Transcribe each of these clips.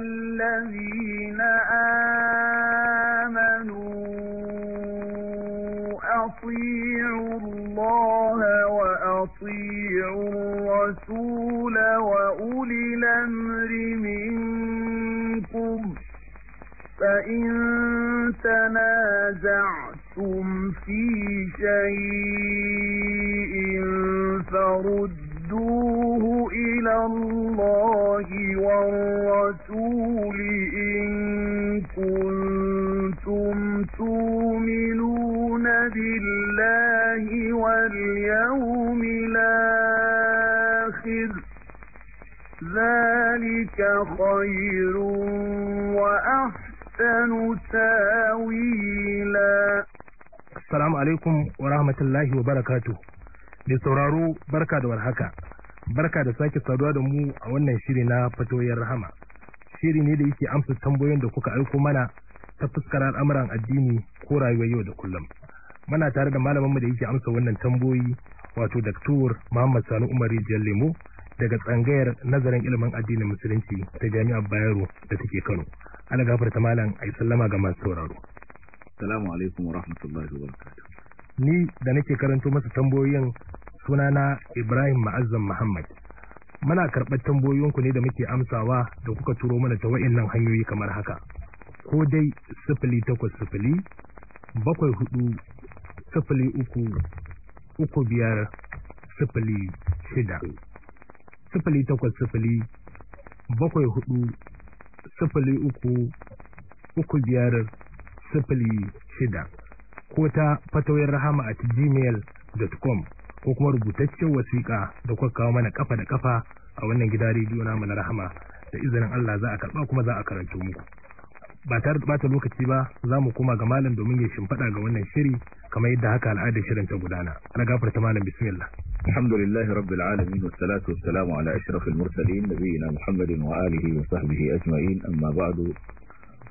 الذين آمنوا أطيعوا الله وأطيعوا الرسول وأولي الأمر منكم فإن تنازعتم في شيء فردوه إلى الله الرَّسُولِ إِن كُنتُمْ تُؤْمِنُونَ بِاللَّهِ وَالْيَوْمِ الْآخِرِ ذَلِكَ خَيْرٌ وَأَحْسَنُ تَأْوِيلًا السلام عليكم ورحمة الله وبركاته da sauraro barka da warhaka barka da sake saduwa da mu a wannan shiri na fatoyin rahama shiri ne da yake amsa tambayoyin da kuka aiko mana ta fuskar al'amuran addini ko rayuwar yau da kullum muna tare da malamin mu da yake amsa wannan tambayoyi wato Dr. Muhammad Sani Umar Rijiyar Lemo daga tsangayar nazarin ilimin addinin musulunci ta Jami'ar Bayero da take Kano Allah gafarta malam ayi sallama ga masu sauraro assalamu alaikum wa rahmatullahi wa barakatuh ni da nake karanto masa tambayoyin sunana Ibrahim Ma'azzam Muhammad muna karɓar ku ne da muke amsawa da kuka turo mana ta wa'annan hanyoyi kamar haka ko dai sifili takwas sifili bakwai hudu sifili uku uku biyar sifili shida sifili takwas sifili bakwai hudu sifili uku uku biyar sifili shida ko ta fatayin rahama at gmail.com ko kuma rubutaccen wasiƙa da kuka kawo mana kafa da kafa a wannan gida rediyo namu na rahama da izinin Allah za a karɓa kuma za a karanto muku ba tare da bata lokaci ba za mu koma ga malam domin ya shimfiɗa ga wannan shiri kamar yadda haka al'adar shirin ta gudana ana gafarta malam bismillah alhamdulillahi rabbil alamin wassalatu wassalamu ala ashrafil mursalin nabiyina muhammadin wa alihi wa sahbihi ajma'in amma ba'du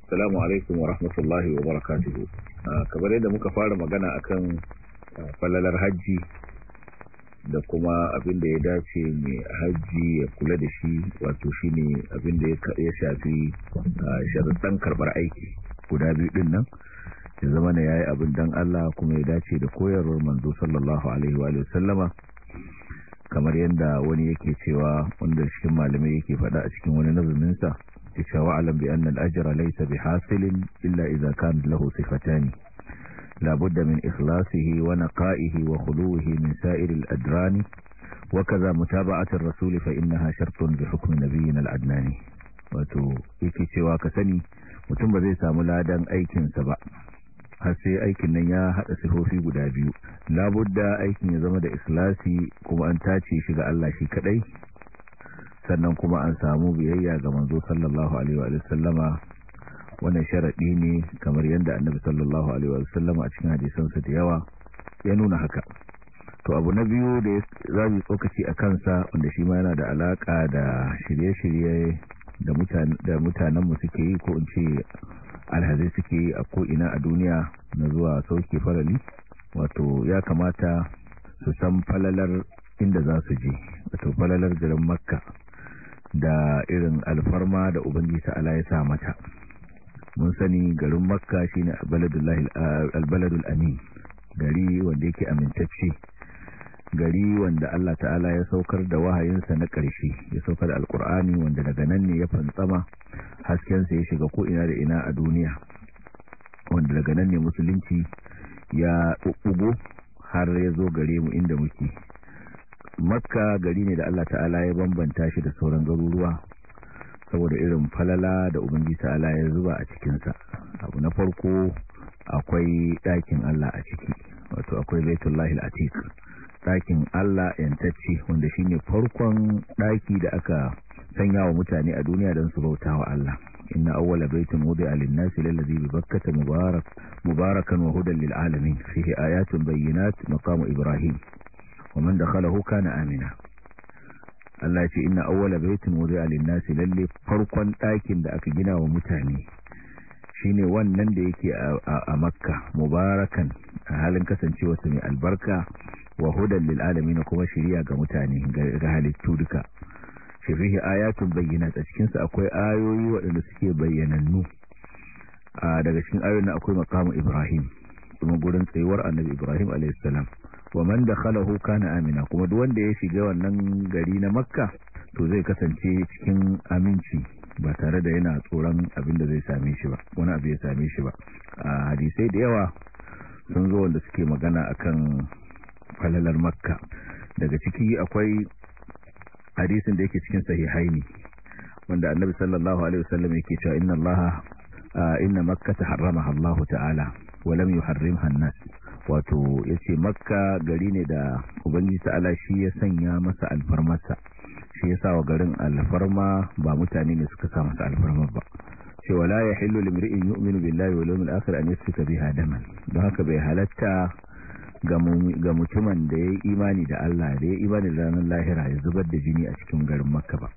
Assalamu alaikum wa rahmatullahi wa barakatuhu. Ah, kamar yadda muka fara magana a kan ah, falalar hajji da kuma abin da ya dace mai hajji ya kula da shi wato shi ne abin da ya shafi ah, sharaɗin karɓar aiki guda biyu ɗin nan ya zama na yi abin don Allah kuma ya dace da koyarwar manzo sallallahu alaihi wa sallama kamar yadda wani yake cewa wanda cikin malamai yake faɗa a cikin wani nazuminsa ربك واعلم بأن الأجر ليس بحاصل إلا إذا كان له صفتان لابد من إخلاصه ونقائه وخلوه من سائر الأدران وكذا متابعة الرسول فإنها شرط بحكم نبينا العدنان واتو إيكي شواك سني وتم ذي ساملادا أيكي سبع هسي aikin nan ya في بدابيو guda biyu labudda aikin ya zama da ikhlasi kuma an sannan kuma an samu biyayya ga manzo sallallahu alaihi wa sallama wannan sharadi ne kamar yadda annabi sallallahu alaihi wa sallama a cikin hadisansa da yawa ya nuna haka to abu na biyu da za mu tsokaci a kansa wanda shi ma yana da alaka da shirye-shirye da mutanen da mutanen mu suke yi ko in ce alhazai suke yi a ko ina a duniya na zuwa sauke farali wato ya kamata su san falalar inda za su je wato falalar garin makka da irin alfarma da ubangiji ta'ala ya sa mata mun sani garin makka shine albaladul amin gari wanda yake amintacce gari wanda Allah ta'ala ya saukar da wahayinsa na ƙarshe ya saukar alkur'ani wanda daga nan ne ya fantsama haskensa ya shiga ko'ina da ina a duniya wanda daga nan ne musulunci ya ɓuɓɓugo har ya zo gare mu inda muke makka gari ne da allah ta'ala ya bambanta shi da sauran garuruwa saboda irin falala da ubangi ta'ala ya zuba a cikinsa abu na farko akwai ɗakin allah a ciki wato akwai baitullahi al'atik ɗakin allah yantacce wanda shine farkon ɗaki da aka sanya wa mutane a duniya don su bauta wa Allah inna awwala baitin wudi'a lin-nasi lallazi bi bakkata mubarak mubarakan wa hudan lil-alamin fihi ayatun bayyinat maqamu Ibrahim wa man dakhalahu na amina Allah ce inna awwala baitin wudi'a lin-nasi lalle farkon ɗakin da aka gina wa mutane shine wannan da yake a Makka mubarakan a halin kasancewa su mai albarka wa hudan lil alamin kuma shiriya ga mutane ga halittu duka shirihi ayatun bayyana a cikin sa akwai ayoyi waɗanda suke bayyanannu daga cikin ayoyin akwai maqamu Ibrahim kuma gurin tsayuwar Annabi Ibrahim alayhis wa man dakhalahu kana amina kuma duk wanda ya shiga wannan gari na makka to zai kasance cikin aminci ba tare da yana tsoron abin da zai same shi ba wani abu ya same shi ba a hadisai da yawa sun zo wanda suke magana akan falalar makka daga ciki akwai hadisin da yake cikin sahihaini wanda annabi sallallahu alaihi wasallam yake cewa inna allaha inna makkata harramaha allah ta'ala wa lam yuharrimha an-nas wato ya ce makka gari ne da ubangiji ta'ala shi ya sanya masa alfarmarsa shi ya sa wa garin alfarma ba mutane ne suka sa masa alfarma ba ce wala ya hillu limri'in yu'minu billahi wal yawmil akhir an yasfika biha daman don haka bai halatta ga mutumin da ya yi imani da Allah da ya yi imani da ranar lahira ya zubar da jini a cikin garin makka ba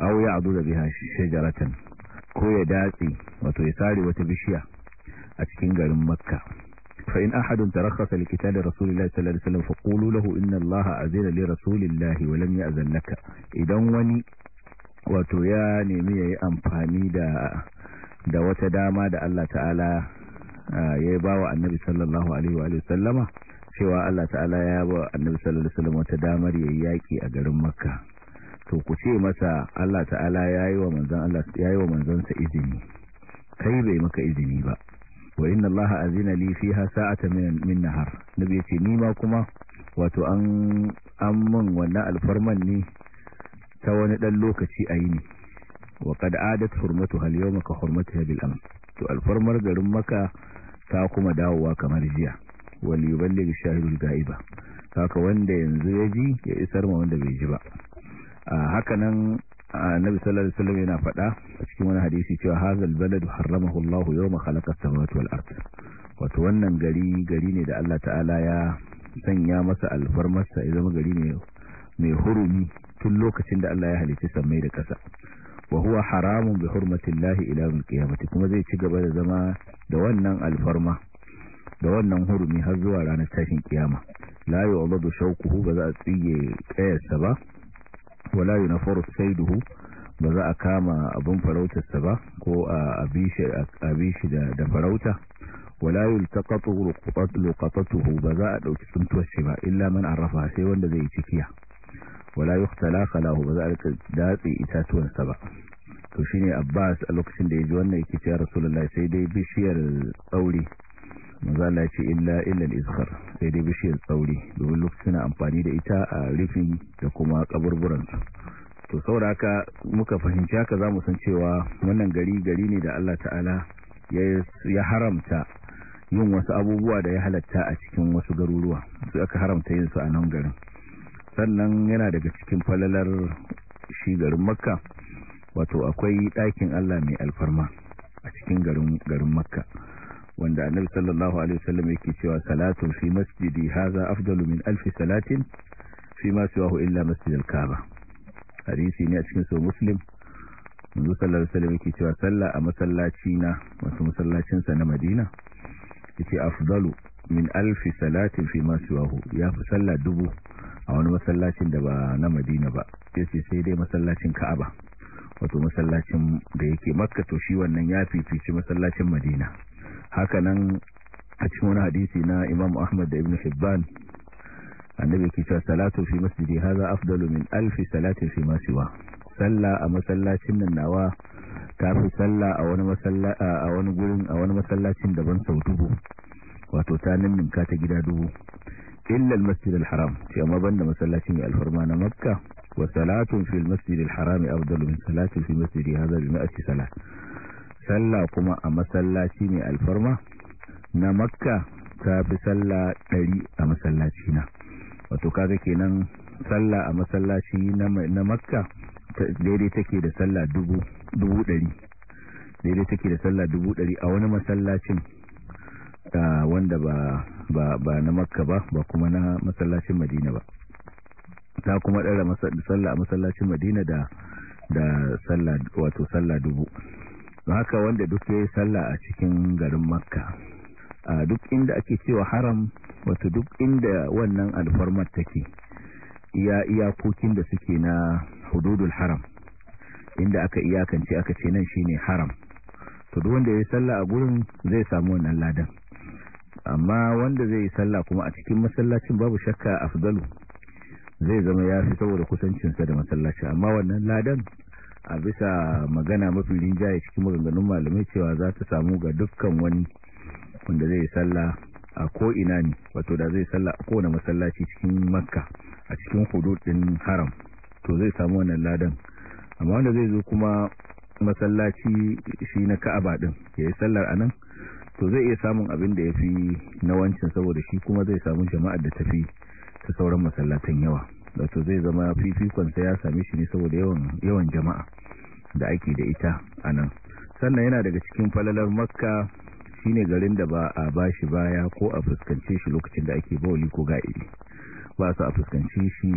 aw ya adu da biha shajaratan ko ya datse wato ya sare wata bishiya a cikin garin makka فإن أحد ترخص لقتال رسول الله صلى الله عليه وسلم فقولوا له إن الله أذن لرسول الله ولم يأذن لك إذا وني wato ya nemi ya yi amfani da wata dama da Allah ta'ala ya ba wa annabi sallallahu alaihi wa sallama cewa Allah ta'ala ya ba annabi sallallahu alaihi wasallam wata damar yayi yaki a garin makka to ku ce masa Allah ta'ala yayi wa wa izini kai bai maka izini ba wa inna allaha azina li fiha sa'atan min nahar nabi yace ni ma kuma wato an an mun wannan alfarman ne ta wani dan lokaci a yini wa qad adat hurmatuha al-yawma ka hurmatiha bil amr to alfarmar garin maka ta kuma dawowa kamar jiya wal yuballigh shahidul gaiba kaka wanda yanzu ya ji ya isar ma wanda bai ji ba a hakanan annabi sallallahu alaihi wasallam yana faɗa a cikin wani hadisi cewa hazal baladu haramahu Allah yawma khalaqa samawati wal ard wato wannan gari gari ne da Allah ta'ala ya sanya masa alfarmarsa ya zama gari ne mai hurumi tun lokacin da Allah ya halitta sammai da ƙasa wa huwa haramun bi hurmatillahi ila yawmil qiyamati kuma zai ci gaba da zama da wannan alfarma da wannan hurumi har zuwa ranar tashin kiyama la yu'dadu shawquhu ba za a tsige kayarsa ba wala yunafaru saiduhu ba za a kama abin farautarsa ba ko a abishi da farauta wala yultaqatu luqatatuhu ba za a ɗauki tsuntuwar shi ba illa man arrafa sai wanda zai yi cikiya wala yuhtala khalahu ba za a datse itatuwansa ba to ne Abbas a lokacin da ya ji wannan yake cewa sai dai bishiyar tsauri mazala ce illa illal izhar sai dai bishiyar tsauri domin lokacin amfani da ita a rufin da kuma kaburburansu to sauraka muka fahimci haka za mu san cewa wannan gari gari ne da Allah ta'ala ya haramta yin wasu abubuwa da ya halatta a cikin wasu garuruwa su aka haramta yin su a nan garin sannan yana daga cikin falalar shi garin makka wato akwai ɗakin Allah mai alfarma a cikin garin makka wanda annabi sallallahu alaihi wasallam yake cewa salatu fi masjidi haza afdalu min alfi salatin fi ma siwahu illa al kaaba hadisi ne a cikin sahih muslim annabi sallallahu alaihi wasallam yake cewa salla a masallaci na wato masallacin sa na Madina yake afdalu min alfi salatin fi ma siwahu ya fi sallah dubu a wani masallacin da ba na Madina ba yace sai dai masallacin Ka'aba wato masallacin da yake Makka to shi wannan ya fifici masallacin Madina hakanan a cikin wani hadisi na imam ahmad da ibn hibban annabi ke cewa salatu fi masjidi haza afdalu min alf salati fi ma siwa salla a masallacin nan nawa tafi salla a wani masalla a wani gurin a wani masallacin daban sau dubu wato ta nan ta gida dubu illa al-masjid al-haram ce amma banda masallacin al-farma na makka wa salatu fi al-masjid al-haram afdalu min salati fi masjidi haza bi ma'ati salat sallah kuma a masallaci ne alfarma na makka ta fi sallah ɗari a masallaci na wato kaga kenan sallah a masallaci na makka daidai take da sallah dubu ɗari daidai take da sallah dubu ɗari a wani masallacin wanda ba na makka ba ba kuma na masallacin madina ba ta kuma ɗara sallah a masallacin madina da sallah wato salla dubu don haka wanda duk ya yi sallah a cikin garin makka a duk inda ake cewa haram wato duk inda wannan alfarmar take iya iyakokin da suke na hududul haram inda aka iyakance aka ce nan shine haram to duk wanda ya yi sallah a gurin zai samu wannan ladan amma wanda zai yi sallah kuma a cikin masallacin babu shakka afdalu zai zama ya fi saboda kusancinsa da masallaci amma wannan ladan a bisa magana mafi ya cikin maganganun malamai cewa za ta samu ga dukkan wani wanda zai salla a ko'ina ne wato da zai sallah a kowane masallaci cikin makka a cikin hududin haram to zai samu wannan ladan amma wanda zai zo kuma masallaci shi na ka'aba din ya yi sallar a nan to zai iya samun abin da ya fi na wancan saboda shi kuma zai samu jama'ar da tafi ta sauran masallatan yawa wato zai zama fifikonsa ya same shi ne saboda yawan jama'a da ake da ita a nan sannan yana daga cikin falalar makka shine garin da ba a bashi baya ko a fuskance shi lokacin da ake bawali ko ga'idi ba su a fuskance shi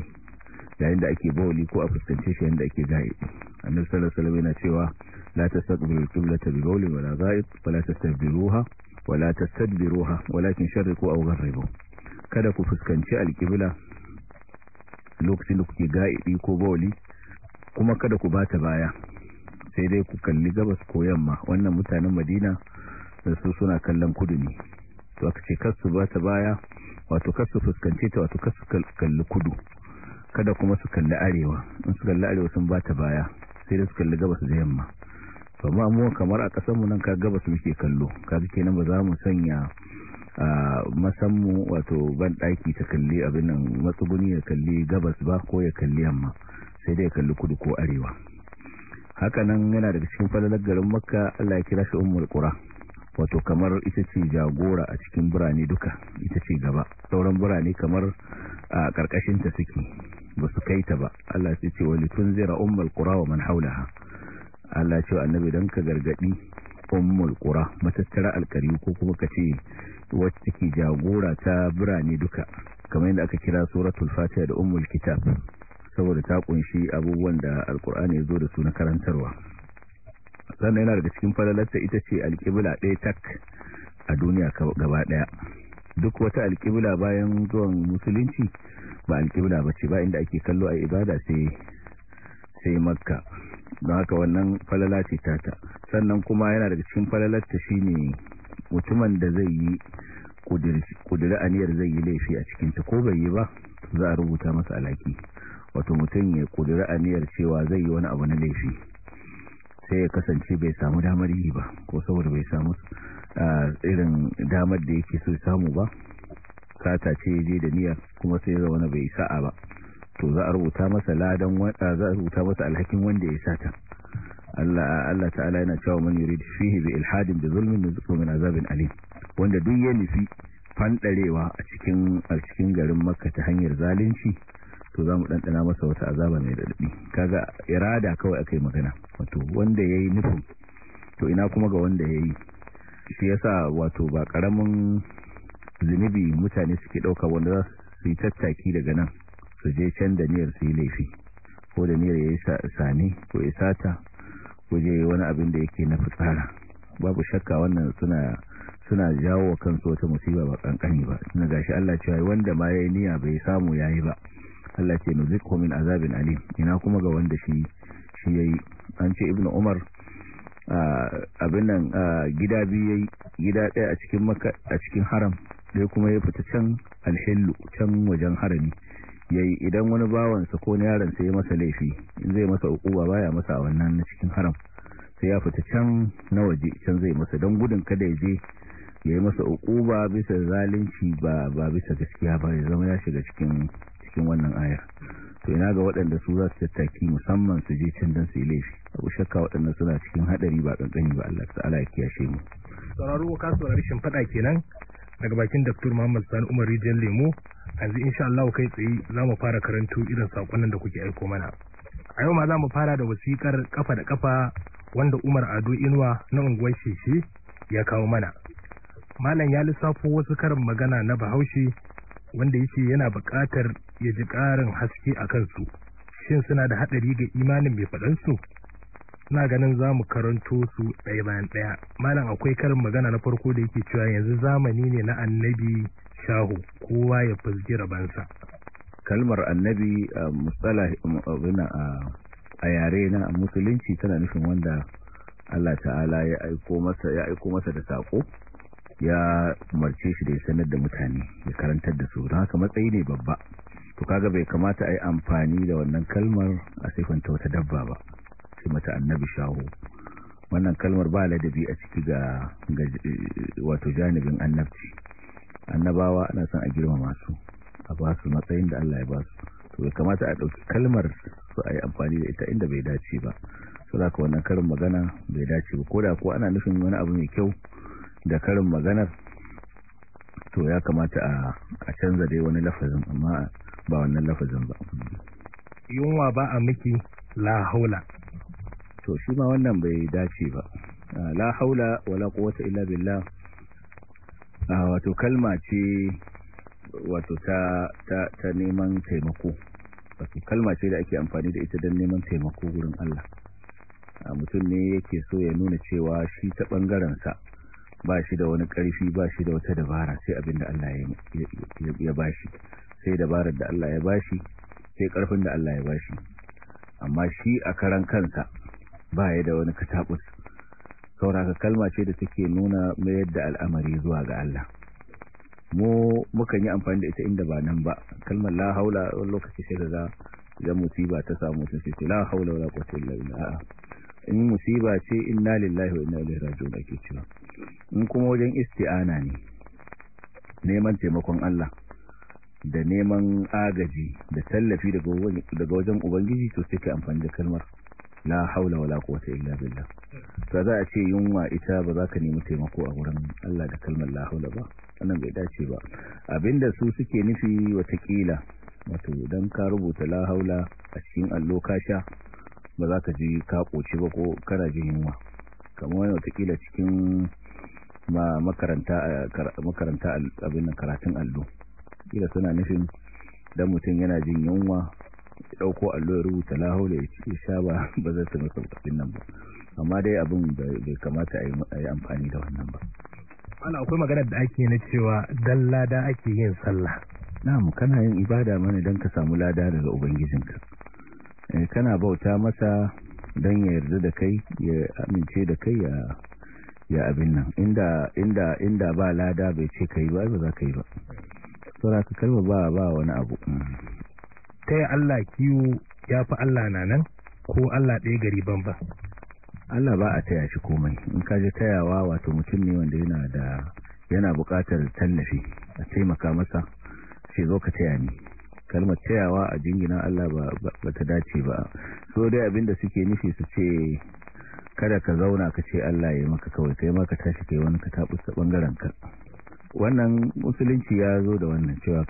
yayin da ake bawali ko a fuskance shi yayin da ake ga'idi annabi sallallahu alaihi wasallam yana cewa la tastaqbilu al-qiblata bi bawlin wala ga'id wala tastadbiruha wala tastadbiruha walakin sharriqu aw gharribu kada ku fuskanci alqibla lokacin da kuke ga'idi ko bawali kuma kada ku bata baya sai dai ku kalli gabas ko yamma wannan mutanen madina da su suna kallon kudu ne to aka ce kasu bata baya wato kasu fuskance ta wato kasu kalli kudu kada kuma su kalli arewa in su kalli arewa sun bata baya sai dai su kalli gabas da yamma to amma mu kamar a kasanmu nan ka gabas muke kallo kaga kenan ba za mu sanya masammu wato banɗaki ta kalli abin nan matsuguni ya kalli gabas ba ko ya kalli amma sai dai ya kalli kudu ko arewa haka nan yana daga cikin falalar garin makka allah ya kira shi ummul qura wato kamar ita ce jagora a cikin birane duka ita ce gaba sauran birane kamar a ta suke ba su kai ta ba Allah sai ce wali tunzira ummul qura wa man haulaha Allah ce annabi dan ka gargadi ummul qura matattara alkari ko kuma kace wacce take jagora ta birane duka kamar yadda aka kira suratul fatiha da ummul kitab saboda ta kunshi abubuwan da alkur'ani ya zo da su na karantarwa sannan yana daga cikin falalarta ita ce alkibla ɗaya tak a duniya gaba ɗaya duk wata alkibla bayan zuwan musulunci ba alkibla ba ce ba inda ake kallo a ibada sai sai makka don haka wannan falala ce tata sannan kuma yana daga cikin shi ne mutumin da zai yi kudiri aniyar zai yi laifi a cikin cikinta ko bai yi ba za a rubuta masa alaki wato mutum ya kudiri aniyar cewa zai yi wani abu na laifi sai ya kasance bai samu damar yi ba ko saboda bai samu irin damar da yake so samu ba kata ce je da niyar kuma sai zaune bai sa'a ba to za a rubuta masa ladan za a rubuta masa alhakin wanda ya sata Allah Allah ta'ala yana cewa man yurid fihi bi ilhadin bi zulmin nuzuqu min azabin alim wanda duk ya nufi fandarewa a cikin a cikin garin Makka ta hanyar zalunci to za mu dandana masa wata azaba mai dadi kaga irada kawai akai magana wato wanda yayi nufin to ina kuma ga wanda yayi shi yasa wato ba karamin zunubi mutane suke dauka wanda za su yi tattaki daga nan su je can da niyyar su yi laifi ko da niyar ya yi sane ko ya sata ko je wani abin da yake na fitsara babu shakka wannan suna jawo wa kansu wata musiba ba kankani ba suna gashi Allah cewa wanda ma yi niyya bai samu ya yi ba Allah ce nuzikhu min azabin alim ina kuma ga wanda shi shi yayi an ce ibnu umar abin nan gida biyu yayi gida ɗaya a cikin a cikin haram dai kuma ya fita can alhillu can wajen harami yayi idan wani bawansa ko yaron sai masa laifi in zai masa hukuma baya masa wannan na cikin haram sai ya fita can na waje can zai masa dan gudun kada ya je ya yi masa hukuma bisa zalunci ba ba bisa gaskiya ba ya zama ya shiga cikin cikin wannan ayar to ina ga waɗanda su za su tattaki musamman su je can dan su yi laifi abu shakka waɗanda suna cikin haɗari ba kankani ba Allah ta'ala ya kiyashe mu sauraro ka saurari shin fada kenan daga bakin Dr. Muhammad Sani Umar Rijiyar Lemo yanzu insha Allah kai tsaye za mu fara karanto irin saƙonnan da kuke aiko mana a yau ma za mu fara da wasiƙar ƙafa da kafa wanda Umar Ado Inuwa na unguwar Sheshe ya kawo mana malam ya lissafo wasu karin magana na Bahaushe wanda yake yana buƙatar ya ji ƙarin haske a kansu shin suna da haɗari ga imanin mai faɗansu suna ganin za mu karanto su ɗaya bayan ɗaya malam akwai karin magana na farko da yake cewa yanzu zamani ne na annabi shahu kowa ya fizgi rabansa kalmar annabi musala a yare na musulunci tana nufin wanda Allah ta'ala ya aiko masa ya aiko masa da sako ya marce shi da ya sanar da mutane ya karantar da su don haka matsayi ne babba to kaga bai kamata a yi amfani da wannan kalmar a siffanta wata dabba ba ce mata annabi shaho wannan kalmar ba ladabi a ciki ga wato janibin annabci annabawa ana son a girmama su a ba su matsayin da Allah ya ba su to ya kamata a ɗauki kalmar su a yi amfani da ita inda bai dace ba su za ka wannan karin magana bai dace ba ko da ko ana nufin wani abu mai kyau da karin maganar to ya kamata a canza dai wani lafazin amma ba wannan lafazin ba yunwa ba a miki la haula to shi ma wannan bai dace ba ah, la haula wala quwwata illa billah ah, wato kalma ce wato ta ta ta neman taimako wato kalma ce da ake amfani da ita don neman taimako gurin Allah a ah, mutum ne yake so ya nuna cewa shi ta bangaren sa ba shi da wani karfi ba shi da wata dabara sai abin da Allah ya bashi sai dabarar da Allah ya bashi sai karfin da Allah ya bashi amma shi a karan kansa baya da wani katabus sauraka kalma ce da take nuna mayar da al'amari zuwa ga Allah mu muka yi amfani da ita inda ba nan ba kalmar la haula wani lokaci sai da za musiba ta samu ta ce la haula wala quwwata illa billah in musiba ce inna lillahi wa inna ilaihi raji'un ake cewa in kuma wajen isti'ana ne neman taimakon Allah da neman agaji da tallafi daga wajen ubangiji to sai ka amfani da kalmar la haula wala quwwata illa billah to za a ce yunwa ita ba za ka nemi taimako a wurin Allah da kalmar la haula ba wannan bai dace ba abinda su suke nufi watakila wato dan ka rubuta la haula a cikin allo ka sha ba za ka ji ka koci ba ko kana jin yunwa kamar wani watakila cikin ma makaranta makaranta abin karatun allo kila suna nufin dan mutum yana jin yunwa ya dauko allo rubuta la haula ya sha ba ba zai samu sauƙin nan ba amma dai abin bai kamata a yi amfani da wannan ba ana akwai maganar da ake na cewa dan lada ake yin sallah na'am kana yin ibada mana dan ka samu lada daga ubangijinka eh, kana bauta masa dan ya yarda da kai ya amince da kai ya ya abin nan inda inda ba lada bai ce kai ba ba za ka yi ba kalma ba ba wani abu hmm. taya Allah kiwo ya fi Allah na nan ko Allah ɗaya gari ban ba Allah ba a taya shi komai in ka tayawa wato mutum ne wanda yana da yana buƙatar tallafi a taimaka masa sai zo ka taya ni kalmar tayawa a jingina Allah ba ta dace ba so dai abinda suke nufi su ce kada ka zauna ka ce Allah ya maka kawai kai maka tashi kai wani ka tabu bangaren ka wannan musulunci ya zo da wannan cewa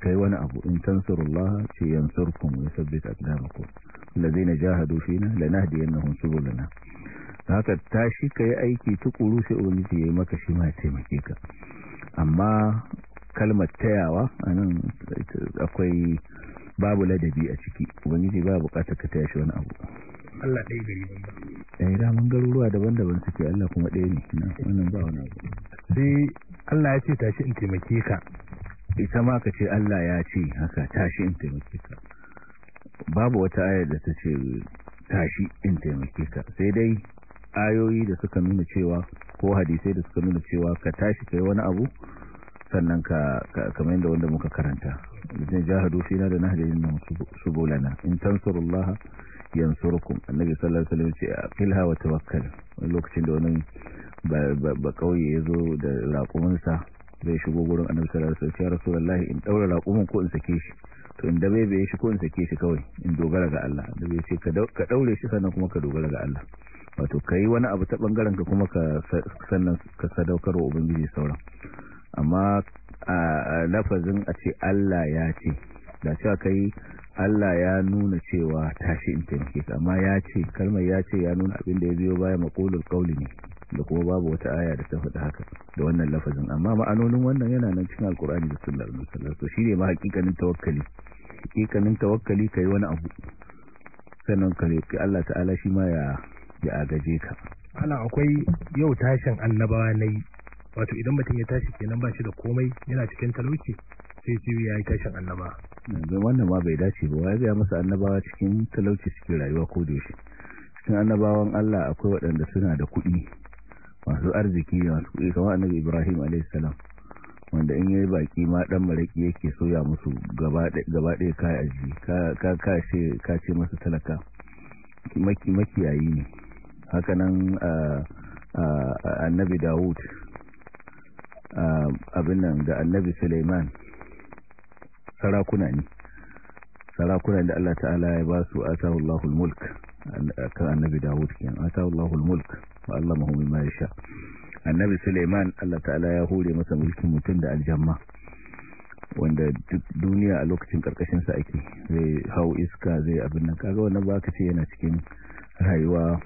kai wani abu in tansurullah ce yansurkum wa sabbit aqdamakum allazina jahadu fina lanahdiyannahum subulana haka tashi kai aiki tukuru sai ubangiji yi maka shi ma taimake ka amma kalmar tayawa anan akwai babu ladabi a ciki ubangiji ba bukatar ka tayashi wani abu Allah ɗaya gari ba. eh da mun garuruwa daban-daban suke Allah kuma ɗaya ne wannan ba wani abu sai Allah ya ce tashi in taimake ka ita ma ka ce Allah ya ce haka tashi in taimake ka babu wata ayar da ta ce tashi in taimake ka sai dai ayoyi da suka nuna cewa ko hadisai da suka nuna cewa ka tashi kai wani abu sannan ka kamar yadda wanda muka karanta idan jahadu fina da nahjin nan subulana in tansurullaha yansurukum annabi sallallahu alaihi wasallam ce aqilha wa tawakkal wani lokacin da wani ba kauye yazo da raƙuminsa zai shigo gurin annabi sallallahu alaihi wasallam ya rasulullahi in daura raƙumin ko in sake shi to in bai bai shi ko in sake shi kawai in dogara ga Allah da bai ce ka daure shi sannan kuma ka dogara ga Allah wato kai wani abu ta bangaren ka kuma ka sannan ka sadaukarwa ubangiji sauran amma a lafazin a ce Allah ya ce da cewa kai Allah ya nuna cewa tashi in taimake ka amma ya ce kalmar ya ce ya nuna abin da ya biyo baya maqulul kauli ne da kuma babu wata aya da ta faɗi haka da wannan lafazin amma ma'anonin wannan yana nan cikin alkur'ani da sunnar annabi sallallahu alaihi shine ma hakikanin tawakkali hakikanin tawakkali kai wani abu sannan ka roki Allah ta'ala shi ma ya ya agaje ka ana akwai yau tashin annabawa nayi wato idan mutum ya tashi kenan ba shi da komai yana cikin talauci sai ya yi tashin annaba yanzu wannan ma bai dace ba ya ya masa annabawa cikin talauci suke rayuwa ko da shi cikin annabawan Allah akwai waɗanda suna da kuɗi masu arziki masu kuɗi kamar annabi Ibrahim alayhi wanda in yayi baki ma dan maraki yake soya musu gaba gaba ɗaya kai ka ce ka masa talaka maki makiyayi ne haka nan annabi Dawud abin nan da annabi suleiman. sarakuna ne sarakuna da Allah ta'ala ya ba su atahullahu mulk kan annabi Dawud kan atahullahu mulk wa ma ya sha annabi Sulaiman Allah ta'ala ya hore masa mulkin mutum da aljamma wanda duk duniya a lokacin karkashin sa ake zai hau iska zai abin nan kaga wannan ba ka ce yana cikin rayuwa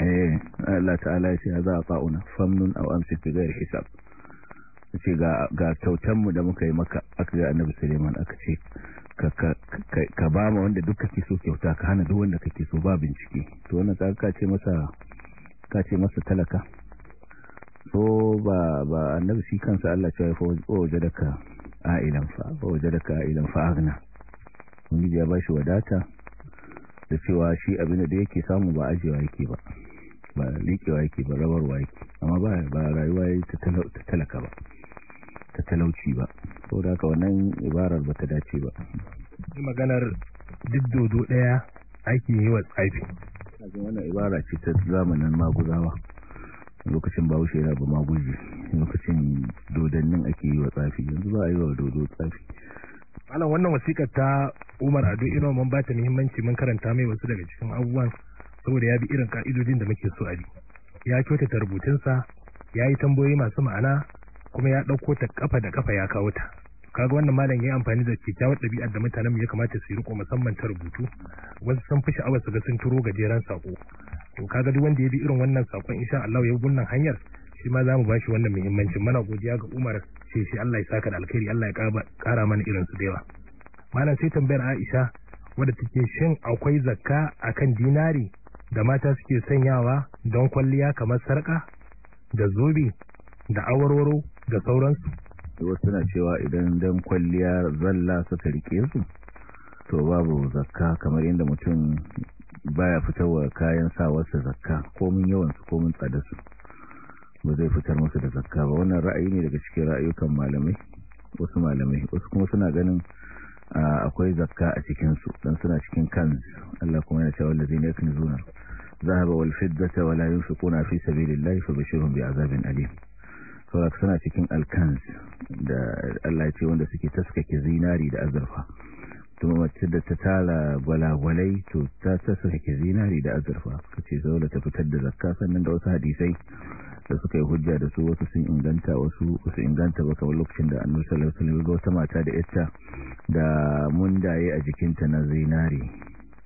eh Allah ta'ala ya ce za a fa'una famnun aw amsik bi ghairi hisab ce ga kyautanmu da muka yi maka aka ga annabi suleiman aka ce ka ba ma wanda duk kake so kyauta ka hana duk wanda kake so ba bincike to wannan ka ce masa ka ce masa talaka so ba ba annabi shi kansa Allah ya fa wajadaka ailan fa fa wajadaka ailan fa agna wani ya bashi wadata da cewa shi abin da yake samu ba ajewa yake ba ba likewa yake ba rawarwa yake amma ba rayuwa yake ta talaka ba ta talauci ba da ka wannan ibarar ba ta dace ba maganar duk dodo daya ake yi wa tsafi wannan ibara ce ta zamanin maguzawa lokacin bahaushe yana ba maguzi lokacin dodannin ake yi wa tsafi yanzu ba a yi wa dodo tsafi ala wannan wasikar ta umar ado ino mun ba ta muhimmanci man karanta mai wasu daga cikin abubuwan saboda ya bi irin ka'idodin da muke so a bi ya kyautata rubutunsa ya yi tambayoyi masu ma'ana kuma ya ɗauko ta kafa da kafa ya kawo ta kaga wannan malam yayi amfani da kyakkyawar ɗabi'ar da mutanen ya kamata su riko musamman ta rubutu wasu sun fi sha'awar su ga sun turo gajeren sako to kaga duk wanda ya bi irin wannan sakon insha Allah ya bunnan hanyar shi ma za mu ba shi wannan muhimmancin mana godiya ga Umar ce shi Allah ya saka da alkhairi Allah ya kara mana irin su da malam sai tambayar Aisha wanda take shin akwai zakka akan dinari da mata suke sanyawa don kwalliya kamar sarka da zobe da awarwaro ga sauransu wasu na cewa idan dan kwalliya zalla suka rike su to babu zakka kamar yadda mutum baya fitarwa kayan sawarsa zakka komin yawansu komin tsadarsu ba zai fitar musu da zakka ba wannan ra'ayi ne daga cikin ra'ayukan malamai wasu malamai wasu kuma suna ganin akwai zakka a cikinsu dan suna cikin kan Allah kuma yana cewa lazina zuna zahaba wal fiddata wala yunfiquna fi sabilillahi fabashirhum bi'azabin alim saboda suna cikin alkans da Allah ce wanda suke taskake zinari da azurfa kuma mace da ta tala gwalagwalai to ta taskake zinari da azurfa ce zaula ta fitar da zakka sannan da wasu hadisai da suka yi hujja da su wasu sun inganta wasu wasu inganta ba kawai lokacin da annabi sallallahu alaihi wasallam wata mata da ita da mundaye a jikinta na zinari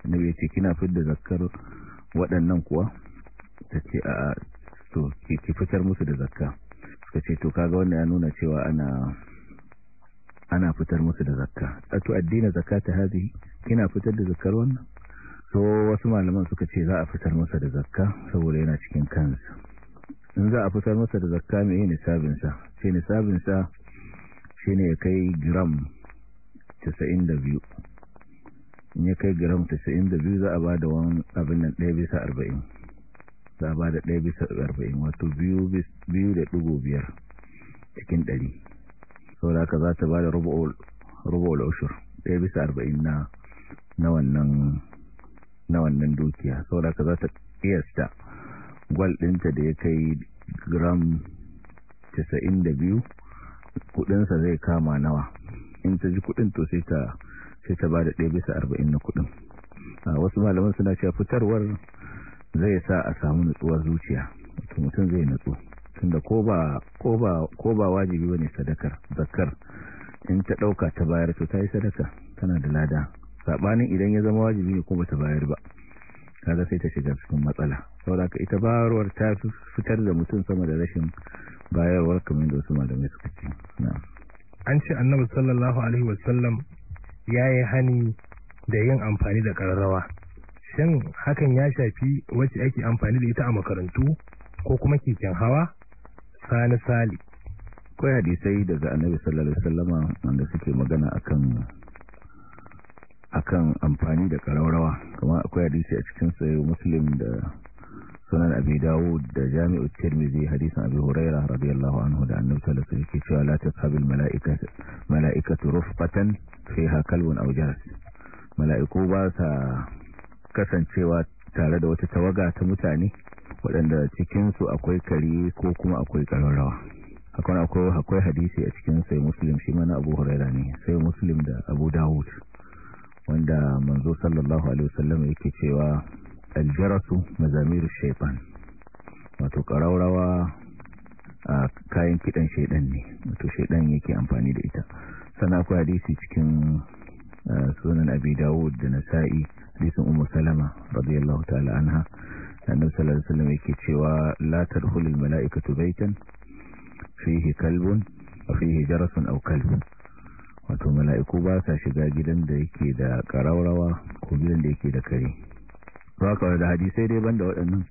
annabi yace kina fitar da zakkar waɗannan kuwa tace a to ki fitar musu da zakka suka ce to kaga wannan ya nuna cewa ana ana fitar musu da zakka ato addina zakata hadi kina fitar da zakkar wannan so wasu malaman suka ce za a fitar musu da zakka saboda yana cikin kansu in za a fitar musu da zakka me mai sabin sa shi ne sabin sa shine ya kai gram 92 in ya kai gram 92 za a ba da wani abin nan 1 bisa 40 ta ba da ɗaya bisa arba'in wato biyu da ɗigo biyar cikin ɗari saboda za ta ba da rubu'ul laushur ɗaya bisa arba'in na na wannan dukiya sau dukiya aka za ta ƙiyasta gwal ɗinta da ya kai gram 92 kudinsa zai kama nawa in ta ji kudin to sai ta ba da ɗaya bisa arba'in na kudin wasu malaman suna cewa fitarwar zai sa a samu nutsuwar zuciya mutum zai nutsu tunda ko ba ko ba ko ba wajibi bane sadakar zakar in ta dauka ta bayar to ta sadaka tana da lada sabanin idan ya zama wajibi ko kuma ta bayar ba kaga sai ta shiga cikin matsala saboda ka ita bayarwar ta fitar da mutum sama da rashin bayarwar kamar da wasu malamai suka ce an ce annabi sallallahu alaihi wasallam yayi hani da yin amfani da kararrawa shan hakan ya shafi wacce ake amfani da ita a makarantu ko kuma keken hawa sani sali ko hadisai daga annabi sallallahu alaihi wasallama wanda suke magana akan akan amfani da karaurawa kamar akwai hadisi a cikin sahih muslim da sunan abi dawo da jami'u tirmidhi hadisin abi huraira radiyallahu anhu da annabi sallallahu alaihi wasallam yake cewa la tashabil malaikatu malaikatu rufqatan fiha kalbun aw jaras malaiku ba sa kasancewa tare da wata tawaga ta mutane waɗanda cikinsu akwai kare ko kuma akwai ƙararrawa akwai akwai hadisi a cikin sai muslim shi mana abu huraira ne sai muslim da abu dawud wanda manzo sallallahu alaihi wasallam yake cewa aljarasu mazamiru shaytan wato ƙararrawa a kayan kiɗan shaidan ne wato shaidan yake amfani da ita sana akwai hadisi cikin sunan abi dawud da nasa'i hadisin ummu salama radiyallahu ta'ala anha annabi sallallahu alaihi wasallam yake cewa latar tadkhulu al mala'ikatu baytan fihi kalbun fihi jarasun aw kalbun wato mala'iku ba sa shiga gidan da yake da karaurawa ko gidan da yake da kare ba haka da hadisai dai banda waɗannan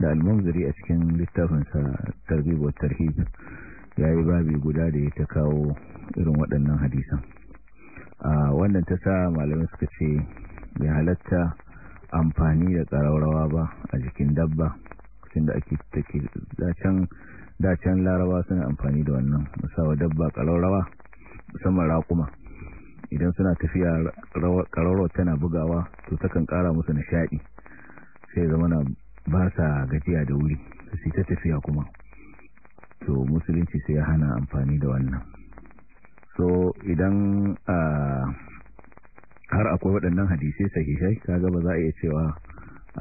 da almanzari a cikin littafinsa sa wa tarhib yayi babu guda da ya ta kawo irin waɗannan hadisan wannan ta sa malamai suka ce ya halatta amfani da tsararrawa ba a jikin dabba cikin da ake take dacen dacen laraba suna amfani da wannan musawa dabba kalarawa musamman raƙuma idan suna tafiya kararwa tana bugawa to takan ƙara musu nishaɗi sai zama na ba sa gajiya da wuri su ta tafiya kuma to musulunci sai ya hana amfani da wannan so idan ah, har akwai waɗannan hadisai sahihai kaga ba za a iya cewa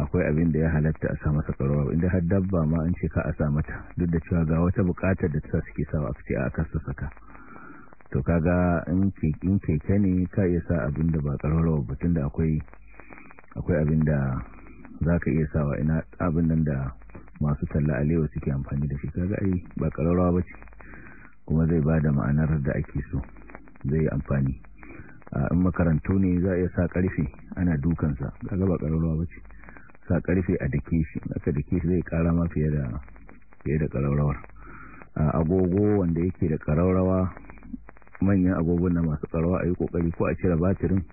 akwai abin da ya halatta a sa masa karuwa inda har dabba ma an ce ka a sa mata duk da cewa ga wata bukatar da ta suke sawa a ce a kasa saka to kaga in keke ne ka iya sa abin da ba karuwa batun da akwai abin da za ka iya sawa ina abin nan da masu talla alewa suke amfani da shi kaga ai ba karuwa ba ce kuma zai ba da ma'anar da ake so zai amfani in makarantu ne za a iya sa karfe ana dukansa ga ba ƙararrawa ba sa karfe a dake shi aka dake shi zai ƙara ma fiye da fiye da ƙararrawar agogo wanda yake da ƙararrawa manyan agogon na masu ƙararrawa a yi ƙoƙari ko a cire batirin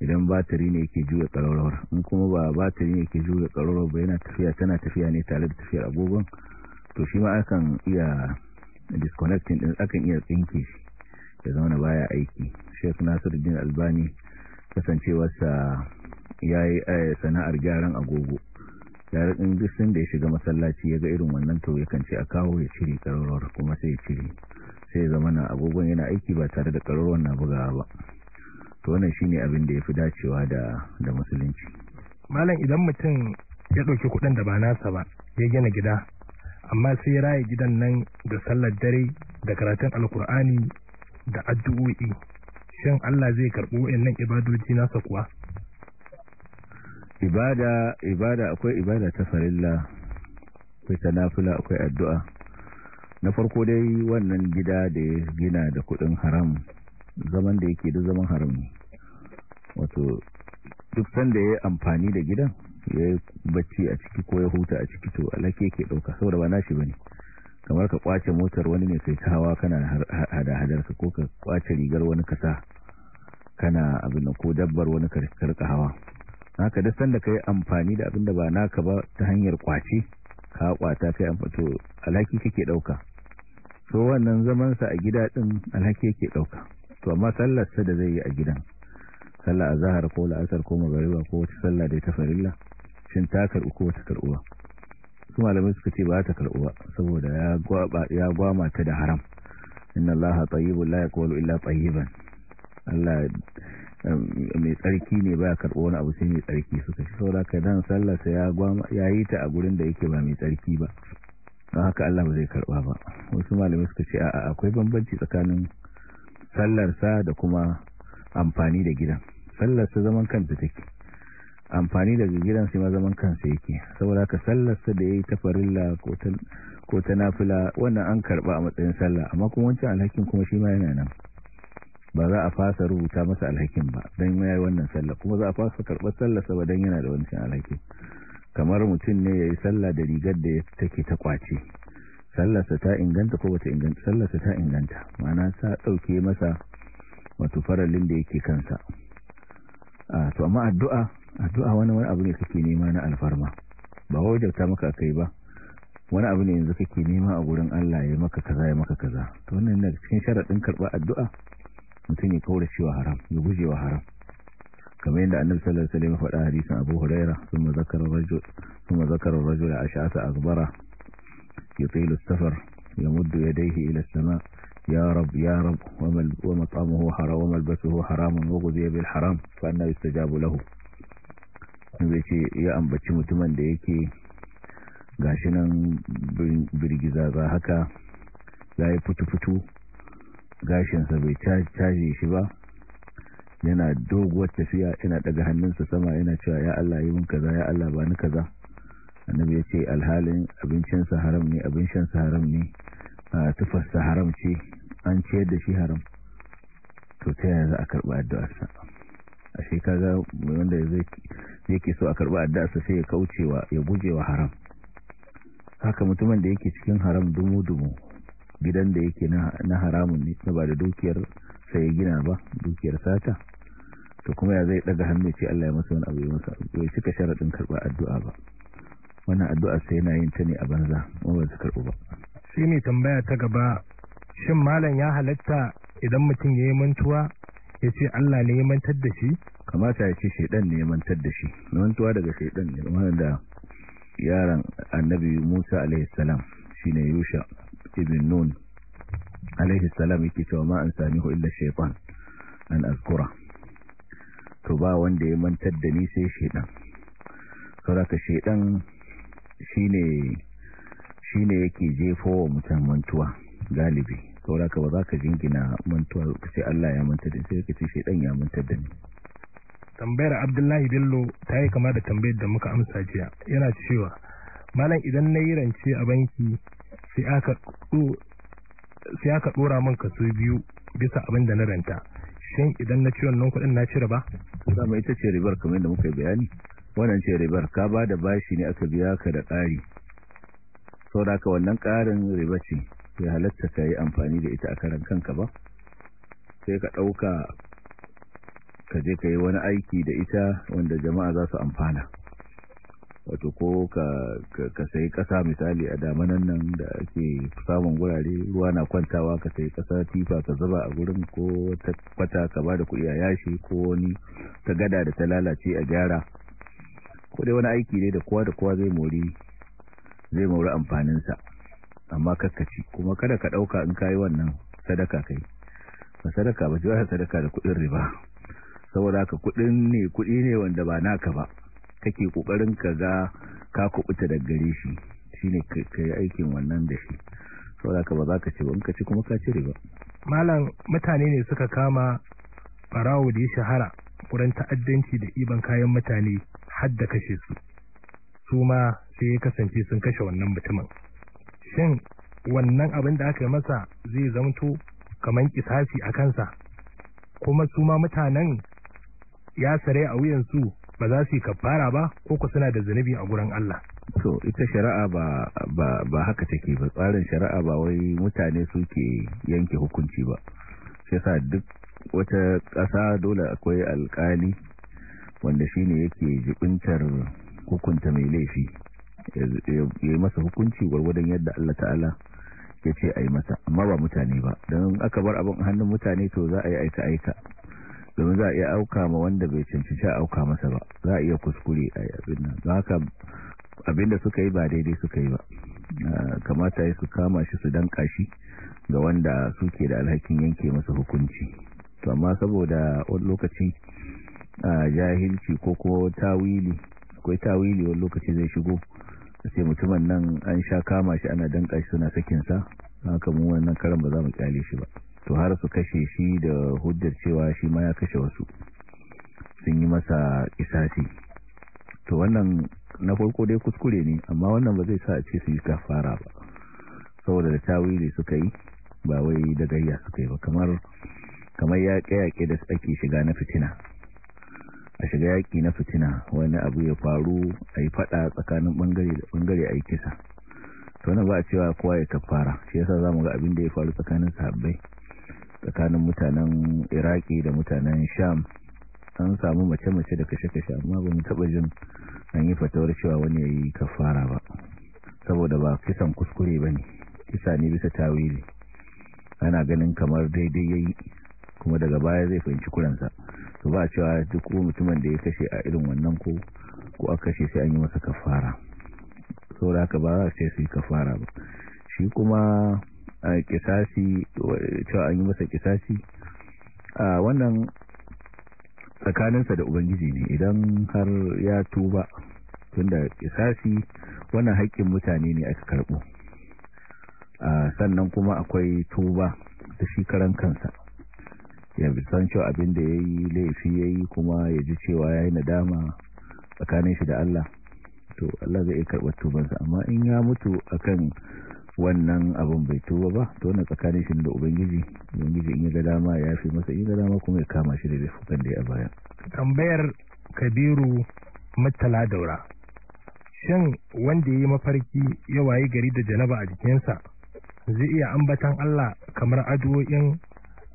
idan batiri ne yake juya ƙararrawar in kuma ba batiri ne yake juya ƙararrawar ba yana tafiya tana tafiya ne tare da tafiyar agogon to shi ma akan iya disconnecting din akan iya tsinke shi ya zauna baya aiki Sheikh Nasiruddin Albani kasancewarsa yayi eh, sana'ar gyaran agogo yarin duk da ya shiga masallaci ya ga irin wannan to ya ce a kawo ya cire karuwar kuma sai ya cire sai ya zama na agogon yana aiki ba tare da karuwar na bugawa ba to wannan shine abin da yafi dacewa da musulunci malam idan mutum ya ɗauki kuɗin da ba nasa ba ya gina gida amma sai ya raya gidan nan da sallar dare da karatun alkur'ani da addu'o'i shin Allah zai karɓi wayannan ibadoji nasa kuwa ibada ibada akwai ibada ta farilla akwai ta nafila akwai addu'a na farko dai wannan gida da ya gina da kudin haram zaman da yake da zaman haram wato duk sanda ya amfani da gidan ya bacci a ciki ko ya huta a ciki to alhaki yake dauka saboda ba nashi ne kamar ka kwace motar wani ne kai ta hawa kana hada hadar ka ko ka kwace rigar wani kasa kana abin ko dabbar wani karka hawa haka da sanda yi amfani da abin da ba naka ba ta hanyar kwace ka kwata kai amfani to alhaki kake ɗauka so wannan zaman sa a gida din alhaki yake ɗauka to amma sallar sa da zai yi a gidan sallar azahar ko la'asar ko magariba ko wata sallah da ta farilla hadisin ta karɓi ko wata karɓi su malamai suka ce ba ta karɓi saboda ya gwama ta da haram inna allaha tayyibun la yaqbalu illa tayyiban Allah um, mai tsarki ne ba karɓo wani abu sai mai tsarki suka shi saura ka dan sallar ya gwama ya yi ta a gurin da yake ba mai tsarki ba don haka Allah ba zai karɓa ba wasu malamai suka ce a akwai bambanci tsakanin sallar sa da kuma amfani da gidan sallar sallarsa zaman kanta take amfani daga gidan sai ma zaman kansa yake saboda sallar sallarsa da yayi ta farilla ko ta ko nafila wannan an karba a matsayin sallah amma kuma wancan alhakin kuma shi ma yana nan ba za a fasa rubuta masa alhakin ba dan yayi wannan sallah kuma za a fasa karɓar sallarsa ba dan yana da wancan alhakin kamar mutum ne yayi sallah da rigar da take ta kwace sallarsa ta inganta ko bata inganta sallarsa ta inganta ma'ana ta dauke masa wato farallin da yake kansa a ah, to amma addu'a addu'a wani wani abu ne kake nema na alfarma ba wai da ta maka kai ba wani abu ne yanzu kake nema a gurin Allah ya maka kaza ya maka kaza to wannan ne cikin sharadin karba addu'a mutum ne kaura cewa haram ya guje wa haram kamar yadda annabi sallallahu alaihi wasallam faɗa hadisin Abu Huraira kuma zakara rajul kuma zakara rajul ash'ata azbara yatil as-safar yamuddu yadayhi ila as يا رب يا رب ومطعمه حرام وملبسه حرام وغذي بالحرام فأنا يستجاب له zai ce ya ambaci mutumin da yake gashi nan birgiza za haka ya yi fitu-fitu gashinsa bai caje shi ba yana doguwar tafiya yana daga hannunsa sama yana cewa ya Allah yi minka kaza ya Allah ba ni kaza annabi ya ce alhalin abincinsa haram ne abincinsa haram ne tufarsa haram ce an ce da shi haram to ta yaya za a karɓi addu'arsa a shekaga wanda zai ke so a karba addasa sai ya kaucewa ya gujewa haram haka mutumin da yake cikin haram dumu-dumu gidan da yake na haramun ne ba da dukiyar sai ya gina ba dukiyar sata to kuma ya zai daga hannu ce Allah ya masa wani abu ya masa ka cika sharadin karba addu'a ba wannan addu'a sai yana yin ta ne a banza ba su karbu ba shi ne tambaya ta gaba shin malam ya halatta idan mutum ya yi mantuwa ya ce Allah ne ya mantar da shi kamata ya ce shaidan ne ya mantar da shi mantuwa daga shaidan ne wanda yaran annabi Musa alaihi salam shine Yusha ibn Nun alaihi salam yake cewa ma an samihu illa shaytan an azkura to ba wanda ya mantar da ni sai shaidan saboda shaidan shine shine yake jefo wa mutum mantuwa galibi saboda ka ba za ka jingina mantuwa ka ce Allah ya manta da sai ka ce shedan ya manta da ni tambayar Abdullahi Bello ta yi kama da tambayar da muka amsa jiya yana cewa malam idan na yi rance a banki sai aka min kaso biyu bisa abin da na ranta shin idan na ci wannan kuɗin na ci riba mu ita ce ribar kamar da muka bayani wannan ce ribar ka ba da bashi ne aka biya ka da ƙari da ka wannan ƙarin riba ce bai halatta ka yi amfani da ita a karan kanka ba sai ka ɗauka ka je ka yi wani aiki da ita wanda jama'a za su amfana wato ko ka sayi ƙasa misali a damanan nan da ake samun gurare ruwa na kwantawa ka sayi ƙasa tifa ka zuba a gurin ko ta kwata ka ba da kuɗi a yashi ko wani ta gada da ta lalace a gyara ko dai wani aiki ne da kowa da kowa zai mori zai mori amfaninsa amma kakkaci kuma kada ka ɗauka in ka wannan sadaka kai ba sadaka ba ce sadaka da kuɗin riba saboda haka kuɗin ne kuɗi ne wanda ba naka ba kake kokarin ka ga ka kubuta daga gare shi shine kai aikin wannan da shi saboda ka ba za ka ce ba in ka ci kuma ka ci riba malam mutane ne suka kama farao da ya shahara kuran ta'addanci da iban kayan mutane har kashe su su ma sai ya kasance sun kashe wannan mutumin shin wannan abin da aka masa zai zamto kaman kisasi a kansa kuma su ma mutanen ya sare a wuyansu ba za su yi kafara ba ko ku suna da zunubi a gurin Allah to ita shari'a ba ba ba haka take ba tsarin shari'a ba wai mutane suke yanke hukunci ba shi yasa duk wata ƙasa dole akwai alƙali wanda shine yake jibintar hukunta mai laifi ya yi masa hukunci gwargwadon yadda Allah ta'ala ya ce a yi masa amma ba mutane ba don aka bar abin hannun mutane to za a yi aika aika domin za a iya auka ma wanda bai cancanci auka masa ba za a iya kuskure a abin nan za ka abinda suka yi ba daidai suka yi ba ah, kamata ya su kama shi su danka shi ga wanda suke da alhakin yanke masa hukunci to amma saboda wani lokaci ah, jahilci ko ko tawili akwai tawili wani lokaci zai shigo sai mutumin nan an sha kama shi ana danka shi suna sakinsa haka mu wannan karan ba za mu kyale shi ba to har su kashe shi da hujjar cewa shi ma ya kashe wasu sun yi masa isasi to wannan na farko dai kuskure ne amma wannan ba zai sa a ce su yi kafara ba saboda da tawili suka yi ba wai da gayya suka yi ba kamar kamar ya kayake da ake shiga na fitina a shiga yaƙi na fitina wani abu ya faru a yi faɗa tsakanin ɓangare a yi kisa to ba a cewa kowa ya kafara shi yasa za mu ga abin da ya faru tsakanin sahabbai tsakanin mutanen iraki da mutanen sham an samu mace-mace da kashe-kashe amma ba mu taɓa jin an yi fatawar cewa wani ya yi kafara ba saboda ba kisan kuskure ba ne kisa ne bisa tawili ana ganin kamar daidai ya yi kuma daga baya zai fahimci kuransa to ba cewa duk mutumin da ya kashe a irin wannan ko ko a kashe sai an yi masa kafara da aka ba za ce su yi kafara ba shi kuma a kisasi cewa an yi masa kisasi a wannan tsakaninsa da ubangiji ne idan har ya tuba tunda kisasi wannan haƙƙin mutane ne aka karɓo sannan kuma akwai tuba da shi karan kansa yanzu bisan cewa abin da ya yi laifi ya yi kuma ya ji cewa ya yi nadama tsakanin shi da Allah to Allah zai iya karɓar tubansa amma in ya mutu akan wannan abin bai tuba ba to wannan tsakanin shi da ubangiji ubangiji in yi da dama ya fi masa in da dama kuma ya kama shi da laifukan da ya baya tambayar kabiru mutala daura shin wanda ya yi mafarki ya wayi gari da janaba a jikinsa zai iya ambatan Allah kamar addu'o'in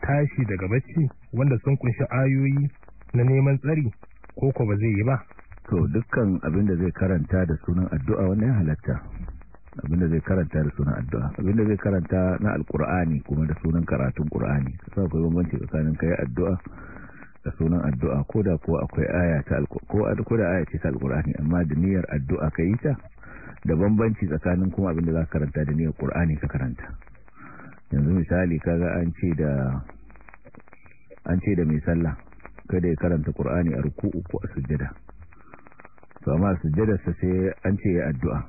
tashi daga bacci wanda sun kunshi ayoyi na neman tsari ko ko ba zai yi ba to dukkan abin da zai karanta da sunan addu'a wannan halatta abinda zai karanta da sunan addu'a abinda zai karanta na alkur'ani kuma da sunan karatun qur'ani sai akwai bambanci tsakanin kai addu'a da sunan addu'a ko da kuwa akwai aya ta alkur'ani ko aya ce ta amma da niyyar addu'a kai ta da bambanci tsakanin kuma abinda za ka karanta da niyyar qur'ani ka karanta yanzu misali kaga an ce da an ce da mai sallah kada ya karanta qur'ani a ruku uku a sujjada to amma sujjada sa sai an ce ya addu'a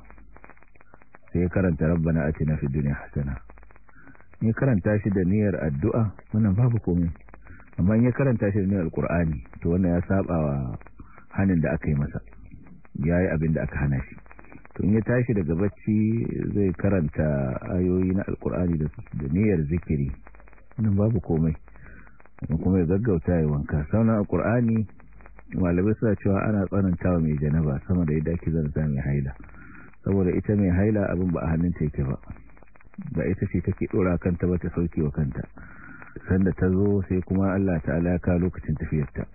sai ya karanta rabbana atina fid dunya hasana ya karanta shi da niyyar addu'a wannan babu komai amma in ya karanta shi da niyyar qur'ani to wannan ya saba wa hanin da aka yi masa yayi abin da aka hana shi in ya tashi daga bacci zai karanta ayoyi na alkur'ani da niyyar zikiri nan babu komai kuma ya gaggauta ya wanka sauna alkur'ani malamai suna cewa ana tsanantawa mai janaba sama da yadda ake zanta mai haila saboda ita mai haila abin ba a hannun teke ba ba ita ce take dora kanta ba ta sauke wa kanta sanda ta zo sai kuma Allah ta'ala ya lokacin tafiyarta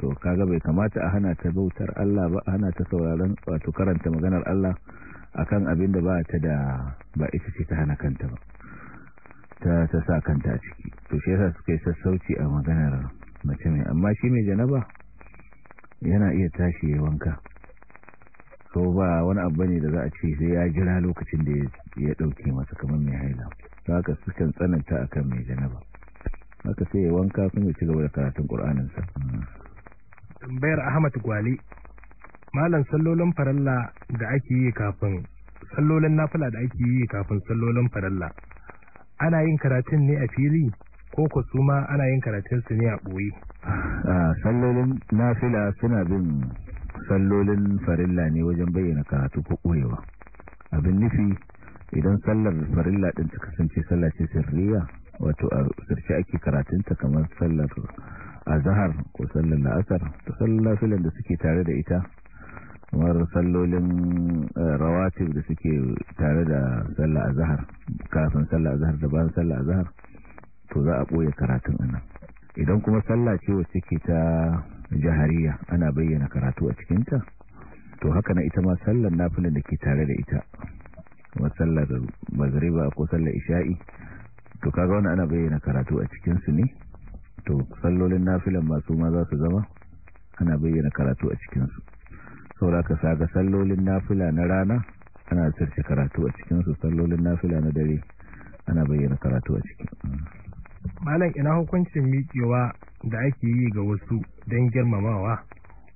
to kaga bai kamata a hana ta bautar Allah ba a hana ta sauraron wato karanta maganar Allah akan abin da ba ta da ba ita ce ta hana kanta ba ta ta sa kanta a ciki to shi yasa suka yi sassauci a maganar mace mai amma shi mai janaba yana iya tashi ya wanka so ba wani abu ne da za a ce sai ya jira lokacin da ya dauke masa kamar mai haila to haka sukan tsananta akan mai janaba haka sai ya wanka kuma ya ci gaba da karatun ƙur'aninsa tambayar Ahmad Gwale malam sallolin faralla da ake yi kafin sallolin nafila da ake yi kafin sallolin faralla ana yin karatun ne a fili ko ko su ana yin karatun su ne a boye sallolin nafila suna bin sallolin farilla ne wajen bayyana karatu ko koyewa abin nufi idan sallar farilla din ta kasance sallah sirriya wato a sirce ake karatunta kamar sallar zahar ko sallar la'asar da sallar da suke tare da ita kamar sallolin eh, rawatib da suke tare da sallar zahar kafin sallar zahar da bayan sallar zahar to za a ɓoye karatun ana idan kuma sallah ce wa ke ta jahariya ana bayyana karatu a cikinta to haka na ita ma sallar nafilan da ke tare da ita kamar sallar magriba ko sallar isha'i to kaga wani ana bayyana karatu a cikinsu ne to sallolin nafilan masu ma za su zama ana bayyana karatu a cikinsu sauraka saga sallolin nafila na rana ana sarce karatu a cikinsu sallolin nafila na dare ana bayyana karatu a cikin. malam ina hukuncin miƙewa da ake yi ga wasu don girmamawa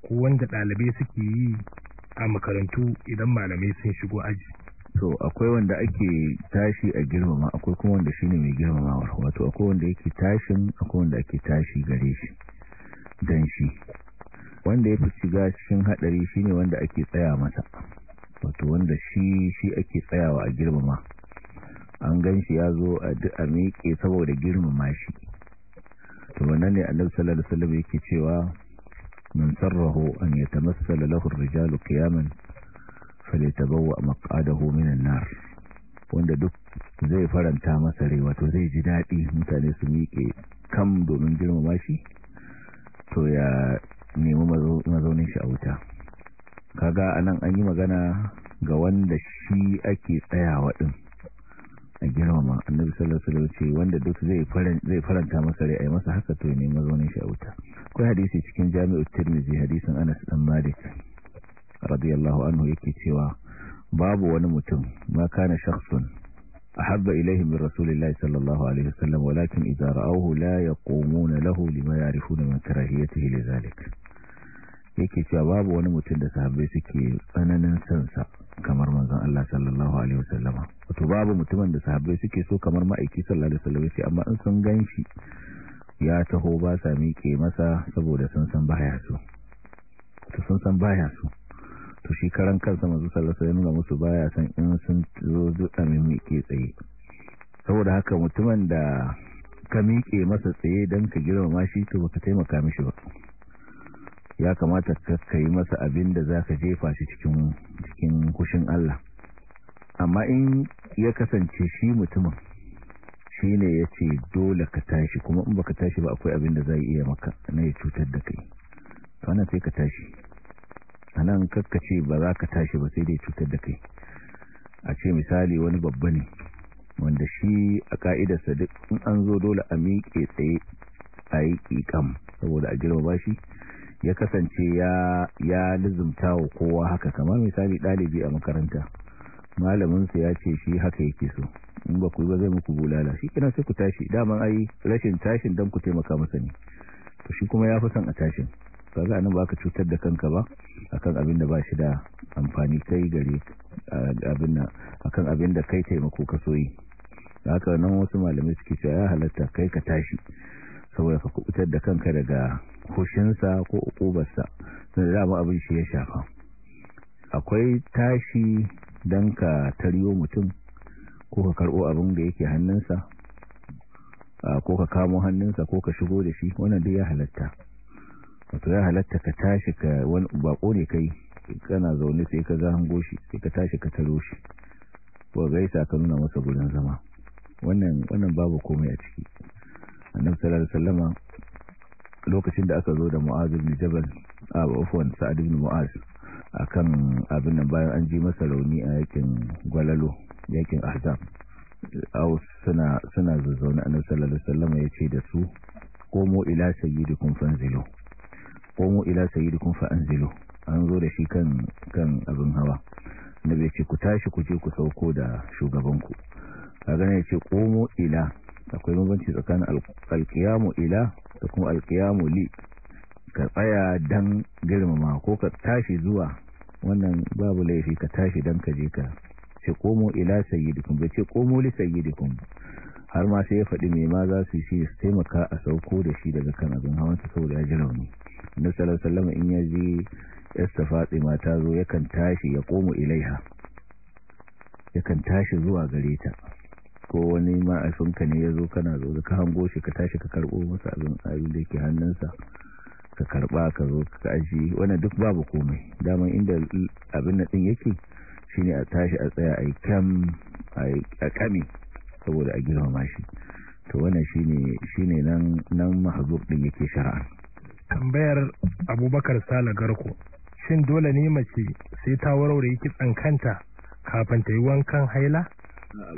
ko wanda ɗalibai suke yi a makarantu idan malamai sun shigo aji to akwai wanda ake tashi a girmama akwai kuma wanda shine mai girmamawa wato akwai wanda yake tashin akwai wanda ake tashi gare shi dan shi wanda ya fi shiga cikin hadari shine wanda ake tsaya masa wato wanda shi shi ake tsayawa a girmama an gan shi ya zo a a miƙe saboda girmama shi to wannan ne annabi sallallahu alaihi wasallam yake cewa man sarrahu an yatamassala lahu ar-rijalu qiyaman falitabawa maqadahu minan nar wanda duk zai faranta masa rai wato zai ji daɗi mutane su miƙe kam domin girmama shi to ya nemi mazaunin shi a wuta kaga anan an yi magana ga wanda shi ake tsayawa din a girmama annabi sallallahu alaihi wasallam wanda duk zai faranta masa rai ai masa haka to ya nemi mazaunin shi a wuta akwai hadisi cikin jami'ut tirmidhi hadisin Anas dan Malik radiyallahu anhu yake cewa babu wani mutum ma kana shakhsun ahabba ilayhi min rasulillahi sallallahu alaihi wasallam walakin idza ra'awhu la yaqumuna lahu lima ya'rifuna min karahiyatihi lidhalik yake cewa babu wani mutum da sahabbai suke tsananin sansa kamar manzon Allah sallallahu alaihi wasallam wato babu mutumin da sahabbai suke so kamar ma'aiki sallallahu alaihi wasallam sai amma in sun ganshi ya taho ba sa miƙe masa saboda sun san baya so to sun san baya so to shi karan kansa manzo sallallahu alaihi wasallam musu baya san in sun zo zuta min miƙe tsaye saboda haka mutumin da ka miƙe masa tsaye don ka girmama shi to baka taimaka mishi ba ya kamata ka yi masa abin da za ka jefa shi cikin cikin kushin Allah amma in ya kasance shi mutumin shi ne ya ce dole ka tashi kuma in baka tashi ba akwai abin da zai iya maka na ya cutar da kai wannan sai ka tashi a nan kaskace ba za ka tashi ba sai dai cutar da kai a ce misali wani babba ne wanda shi a ka'idarsa duk in an zo dole a miƙe tsaye a yi ƙiƙam saboda a girma shi ya kasance ya lizumta wa kowa haka kamar misali ɗalibi a makaranta malaminsa ya ce shi haka yake so in ba ku ba zai muku bulala shi kina sai ku tashi daman ai rashin tashin don ku taimaka masani ne to shi kuma ya fi son a tashin kaga anan baka cutar da kanka ba akan abin da ba shi da amfani kai gare abin nan akan abin da kai taimako ka soyi haka nan wasu malamai suke cewa ya halatta kai ka tashi saboda ka kubutar da kanka daga hushinsa ko ukubarsa sun da mu abin shi ya shafa akwai tashi don ka tariyo mutum ko ka karbo abin da yake hannunsa ko ka kamo hannunsa ko ka shigo da shi wannan duk ya halatta wato ya halatta ka tashi ka wani bako ne kai kana zaune sai ka hango shi sai ka tashi ka taro shi ko sa ka nuna masa gurin zama wannan babu komai a ciki annabi sallallahu alaihi wasallama lokacin da aka zo da mu'az ibn jabal a afwan sa'ad ibn mu'az akan abin nan bayan an ji masa rauni a yakin gwalalo yakin ahzab aw suna suna zazzauna annabi sallallahu alaihi wasallama yace da su komo ila sayyidikum fanzilu komo ila sayyidikum fa anzilu an zo da shi kan kan abin hawa nabi ce ku tashi ku je ku sauko da shugabanku kaga ne ce komo ila akwai mabanci tsakanin alqiyamu ila da kuma alqiyamu li ka tsaya dan girmama ko ka tashi zuwa wannan babu laifi ka tashi dan ka je ka ce komo ila sayyidikum bai ce komo li sayyidikum har ma sai ya faɗi mai ma za su shi su taimaka a sauko da shi daga kan abin hawan sau da ya ji rauni na salasalama in ya ji yasta fatima ta zo yakan tashi ya komo ilaiha yakan tashi zuwa gare ta ko wani ma ma'aifinka ne ya zo kana zo ka hango shi ka tashi ka karɓo masa abin abin da ke hannunsa ka karɓa ka zo ka aji wani duk babu komai daman inda abin na ɗin yake shine a tashi a tsaya a yi kyan a kame saboda a girmama shi to wannan shine shine nan nan ɗin din yake shari'a tambayar abubakar sala garko shin dole ne mace sai ta warware yake kanta kafin ta yi wankan haila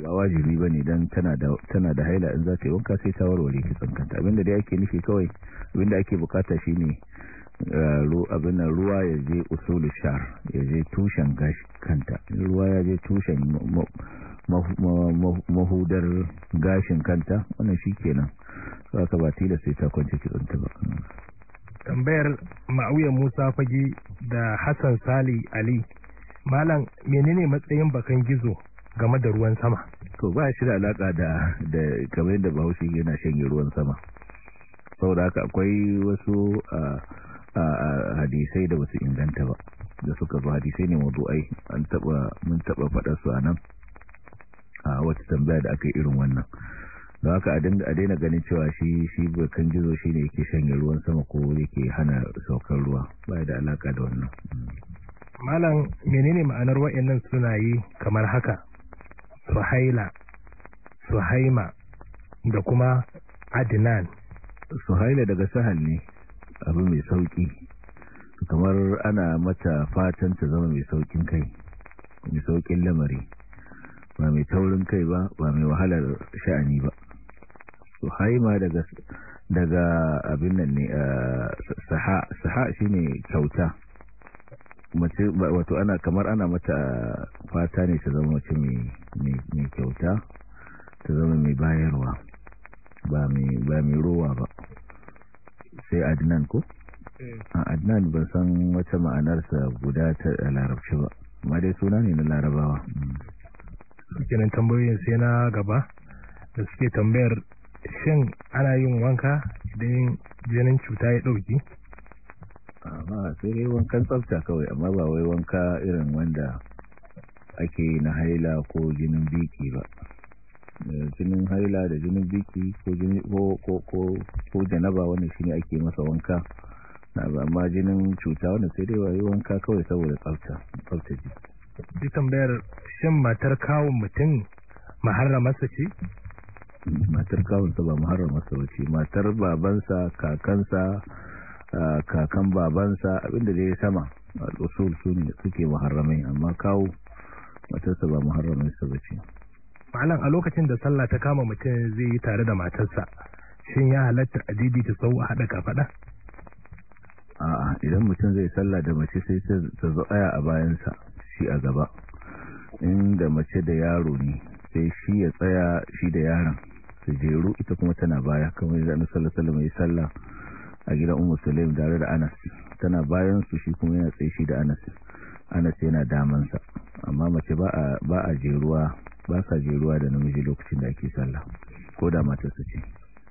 ba wajibi ba ne don tana da haila in za ta yi wanka sai ta warware yake tsankanta abinda da ake nufi kawai abinda ake bukata shine. Eh, abin ruwa ya je usulul shar ya je tushen gashi kanta ruwa ya je tushen mahudar gashin kanta wani shi shikenan aka ba tilas sai ta kwance kitsanta ba hmm. tambayar ma'auyan Musa fage da Hassan Sali Ali malam menene matsayin bakan gizo game da ruwan sama to ba shi da alaka da da kamar yadda Bahaushe yana shanye ruwan sama saboda haka akwai wasu a ah, hadisai da wasu inganta ba da suka zo hadisai ne ai an taba mun taba faɗa su a nan a wata tambaya da aka yi irin wannan da haka a daina ganin cewa shi shi kan jizo shi ne yake shanye ruwan sama ko yake hana saukar ruwa ba da alaka da wannan malam menene ma'anar wa'annan yi kamar haka suhaila suhaima da kuma adnan suhaila daga sahal ne abu mai sauki kamar ana mata fatan ta zama mai saukin kai mai saukin lamari ba mai taurin kai ba ba mai wahalar sha'ani ba to haima daga daga abin nan ne saha saha shine kyauta wato ana kamar ana mata fata ne ta zama mace mai kyauta ta zama mai bayarwa ba mai rowa ba sai adnan ko eh. a adnan ban san wata ma'anarsa guda ta larabci ba amma dai suna ne na larabawa nan tambayoyin sai na gaba da suke tambayar shin ana yin wanka idan jinin cuta ya dauki amma sai dai wankan tsafta kawai amma ba wai wanka irin wanda ake na haila ko jinin biki ba Eh, jinin haila da jinin biki ko jini ko janaba wannan shine ake masa wanka amma jinin cuta wannan sai dai wayi wanka kawai saboda tsafta tsafta ji duk tambayar shin matar kawun mutum sa ce matar kawunsa ba maharramarsa ba ce matar babansa kakansa kakan babansa abinda da sama usul su suke maharramai amma kawo matarsa ba maharramai sa ba ce malam a lokacin da sallah ta kama mutum zai yi tare da matarsa shin ya halatta a ta tsawo a haɗa kafaɗa a'a idan mutum zai sallah da mace sai ta zaɓaya a bayansa shi a gaba inda mace da yaro ne sai shi ya tsaya shi da yaron su jeru ita kuma tana baya kamar yadda annabi sallah sallah mai ya a gidan umar sulaim tare da Anas tana bayan su shi kuma yana tsaye shi da Anas Anas yana daman sa amma mace ba a jeruwa ba sa je ruwa da namiji lokacin da ake sallah ko da su ce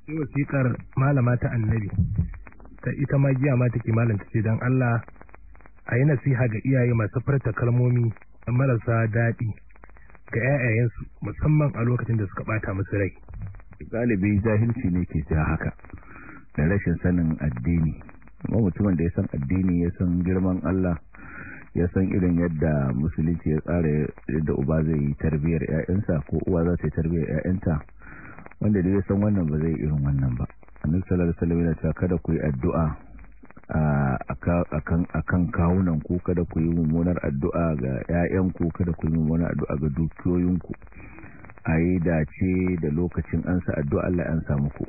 yi wasiƙar malama ta annabi ta ita ma giya ma take malanta ce don Allah a yi nasiha ga iyaye masu farta kalmomi marasa daɗi ga yayayansu musamman a lokacin da suka ɓata musu rai galibi jahilci ne ke ja haka da rashin sanin addini kuma mutumin da ya san addini ya san girman Allah ya san irin yadda musulunci ya tsara yadda uba zai yi tarbiyyar 'ya'yansa ko uwa za ta yi tarbiyyar 'ya'yanta wanda da san wannan ba zai irin wannan ba annabi sallallahu alaihi wasallam ya kada ku yi addu'a akan akan kawunan ku kada ku yi mummunar addu'a ga 'ya'yanku kada ku yi mummunar addu'a ga dukiyoyinku ayi dace da lokacin ansa addu'a Allah an samu ku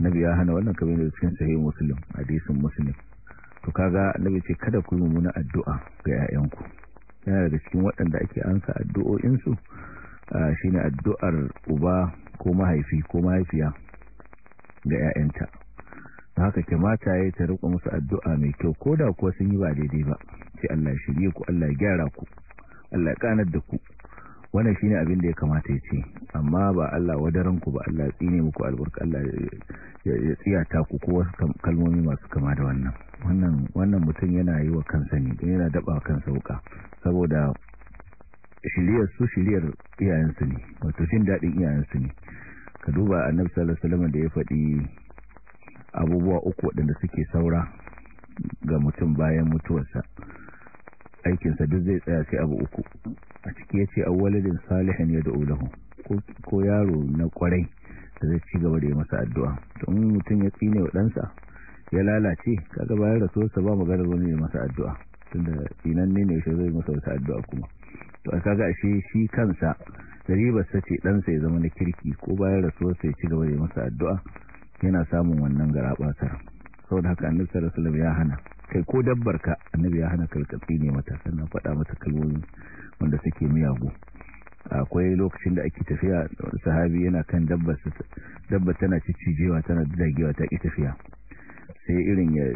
nabi ya hana wannan kamar da cikin sahih muslim hadisin muslim to kaga annabi ce kada ku yi mummuna addu'a ga 'ya'yanku yana daga cikin waɗanda ake ansa su shine addu'ar uba ko mahaifi ko mahaifiya ga 'ya'yanta haka kamata ya ta riƙa musu addu'a mai kyau ko da kuwa sun yi ba daidai ba sai Allah ya shirye ku Allah ya gyara ku Allah ya kanar da ku wannan shine abin da ya kamata ya ce amma ba Allah wadaran ku ba Allah tsine muku albarka Allah ya tsiyata ku ko wasu kalmomi masu kama da wannan wannan mutum yana yi wa kansa ne yana daba kansa wuka saboda shiriyar su shiriyar iyayensu ne wato jin daɗin iyayensu ne ka duba annabi sallallahu alaihi wasallam da ya faɗi abubuwa uku waɗanda suke saura ga mutum bayan mutuwarsa aikinsa duk zai tsaya sai abu uku a ciki ya ce awwalidin salihin ya da'u lahu ko yaro na kwarai da zai ci gaba da yi masa addu'a to in mutum ya tsine wa ɗansa ya lalace kaga bayan rasuwarsa ba maganar wani ya masa addu'a tunda tsinan ne ne shi zai masa wata addu'a kuma to a kaga ashe shi kansa ribar sa ce ɗansa ya zama na kirki ko bayan rasuwarsa ya ci gaba da yi masa addu'a yana samun wannan garabatar saboda haka annabi sallallahu alaihi wasallam ya hana kai ko dabbar ka annabi ya hana kalkatsi ne mata sannan faɗa mata kalmomi wanda suke miyagu akwai lokacin da ake tafiya sahabi yana kan dabbar dabbar tana cicijewa tana dagewa ta ki tafiya sai irin ya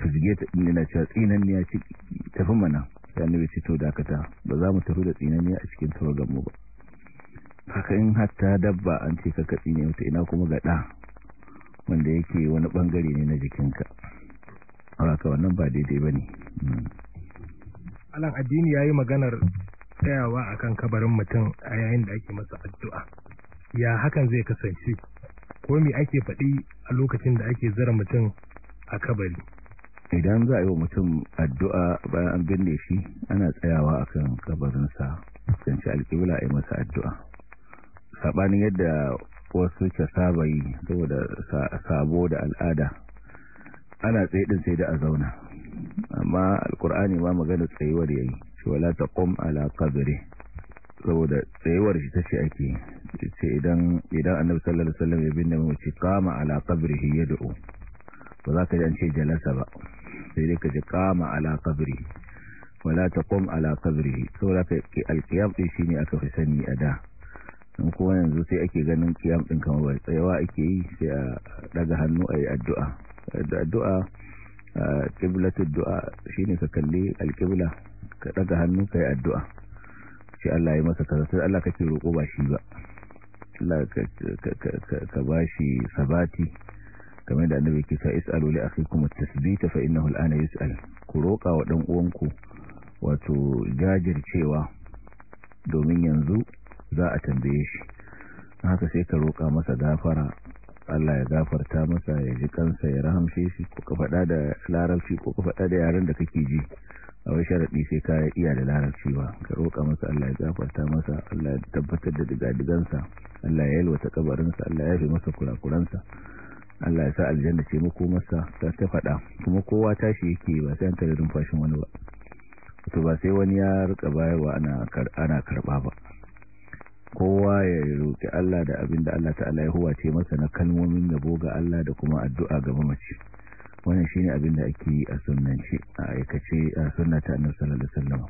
fizge ta yana cewa tsinan ne ya ci tafi mana sai annabi ce to dakata ba za mu tafi da tsinan ne a cikin tawagan mu ba haka in hatta dabba an ce ka katsi ne wata ina kuma ga da wanda yake wani bangare ne na jikinka haka wannan ba daidai ba ne hmm. alan addini ya yi maganar tsayawa a kan kabarin mutum a yayin da ake masa addu'a ya hakan zai kasance ko me ake faɗi a lokacin da ake zara mutum a kabari idan za a yi wa mutum addu'a bayan an binne shi ana tsayawa a kan kabarinsa fuskanci alƙibla a yi masa addu'a saɓanin yadda wasu ka saba yi saboda sabo da al'ada ana tsaye din sai da a zauna amma alkur'ani ma magana tsayuwar yayi shi wala taqum ala qabri saboda tsayuwar shi tace ake ce idan idan annabi sallallahu alaihi wasallam ya binne mu ce qama ala qabrihi yad'u ba za ka ji an ce jalasa ba sai dai ka ji qama ala qabri wala taqum ala qabrihi saboda alqiyam din shine aka fi sani a da kuma yanzu sai ake ganin kiyam din kamar ba tsayawa ake yi sai a daga hannu a yi addu'a da addu'a qiblatud du'a shine ka kalli alƙibla ka daga hannu ka yi addu'a ce Allah ya masa kasa sai Allah kake roƙo ba shi ba Allah ka ba shi sabati kamar da annabi ke sa is'alu li akhikum at-tasbita fa innahu al-ana yus'al ku roƙa wa dan uwanku wato jajircewa domin yanzu za a tambaye shi haka sai ka roƙa masa gafara Allah ya gafarta masa ya ji kansa ya rahamshe shi ko ka faɗa da larabci ko ka faɗa da yaren da kake ji a wai sharaɗi sai ka iya da larabci ba ka roƙa masa Allah ya gafarta masa Allah ya tabbatar da digadigansa Allah ya yalwata kabarinsa Allah ya fi masa kurakuransa Allah ya sa aljanna ce muku masa ta ta faɗa kuma kowa tashi yake ba sai an tare rumfashin wani ba to ba sai wani ya rika bayarwa ana ana ba kowa ya roƙi Allah da abin da Allah ta'ala ya huwa ce masa na kalmomin yabo ga Allah da kuma addu'a ga mamaci wannan shine abin da ake yi a sunnanci a aikace a sunnata annabi sallallahu alaihi wasallam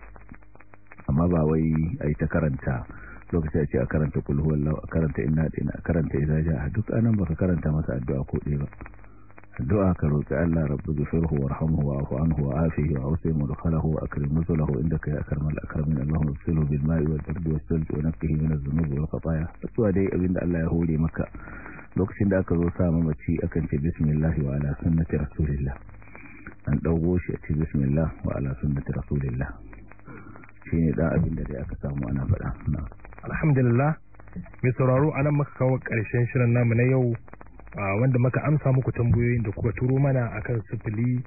amma ba wai ai ta karanta lokaci a ce a karanta kul huwallahu a karanta inna da a karanta idaja duk anan baka karanta masa addu'a ko ɗaya ba addu'a ka roki Allah rabbi ghfirhu warhamhu wa'fu anhu wa'afihi wa'ti mudkhalahu wa akrim nuzulahu indaka ya akramal akramin Allahumma silhu bil ma'i wal bardi was salji wa naqqihi min adh-dhunubi wal khataaya addu'a dai abinda Allah ya hore maka lokacin da aka zo sa mamaci akan ce bismillah wa ala sunnati rasulillah an dago shi a ce bismillah wa ala sunnati rasulillah shine da abinda dai aka samu ana faɗa alhamdulillah mai sauraro anan muka kawo ƙarshen shirin namu na yau wanda muka amsa muku tambayoyin da kuka turo mana akan sifili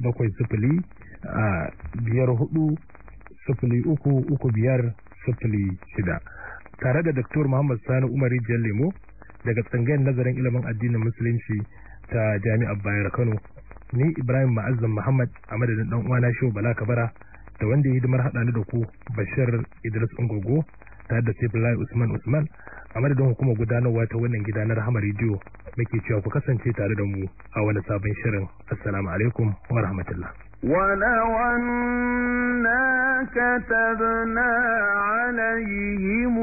bakwai sifili biyar hudu sifili uku uku biyar sifili shida tare da Dr. Muhammad Sani Umar Rijiyar Lemo daga tsangayar nazarin ilimin addinin musulunci ta Jami'ar Bayar Kano ni Ibrahim Ma'azzam Muhammad a madadin dan uwana Shehu Bala Kabara da wanda ya hidimar haɗa ni da ku Bashir Idris Ungogo tare da Sefulai Usman Usman a madadin hukumar gudanarwa ta wannan gida na rahama rediyo muke cewa ku kasance tare da mu a wani sabon shirin assalamu alaikum wa rahmatullah ولو أنا كتبنا عليهم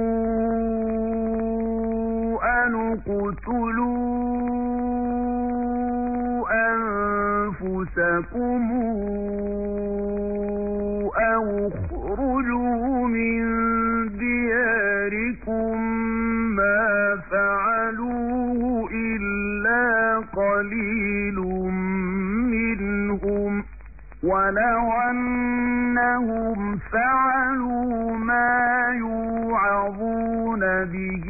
أن اقتلوا أنفسكم ولو أنهم فعلوا ما يوعظون به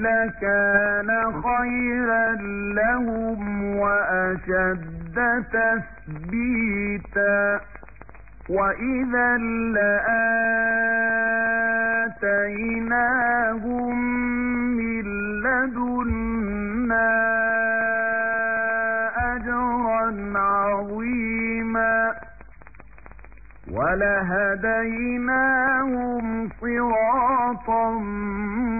لكان خيرا لهم وأشد تثبيتا وإذا لآتيناهم من لدنا ولهديناهم صراطا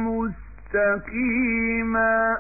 مستقيما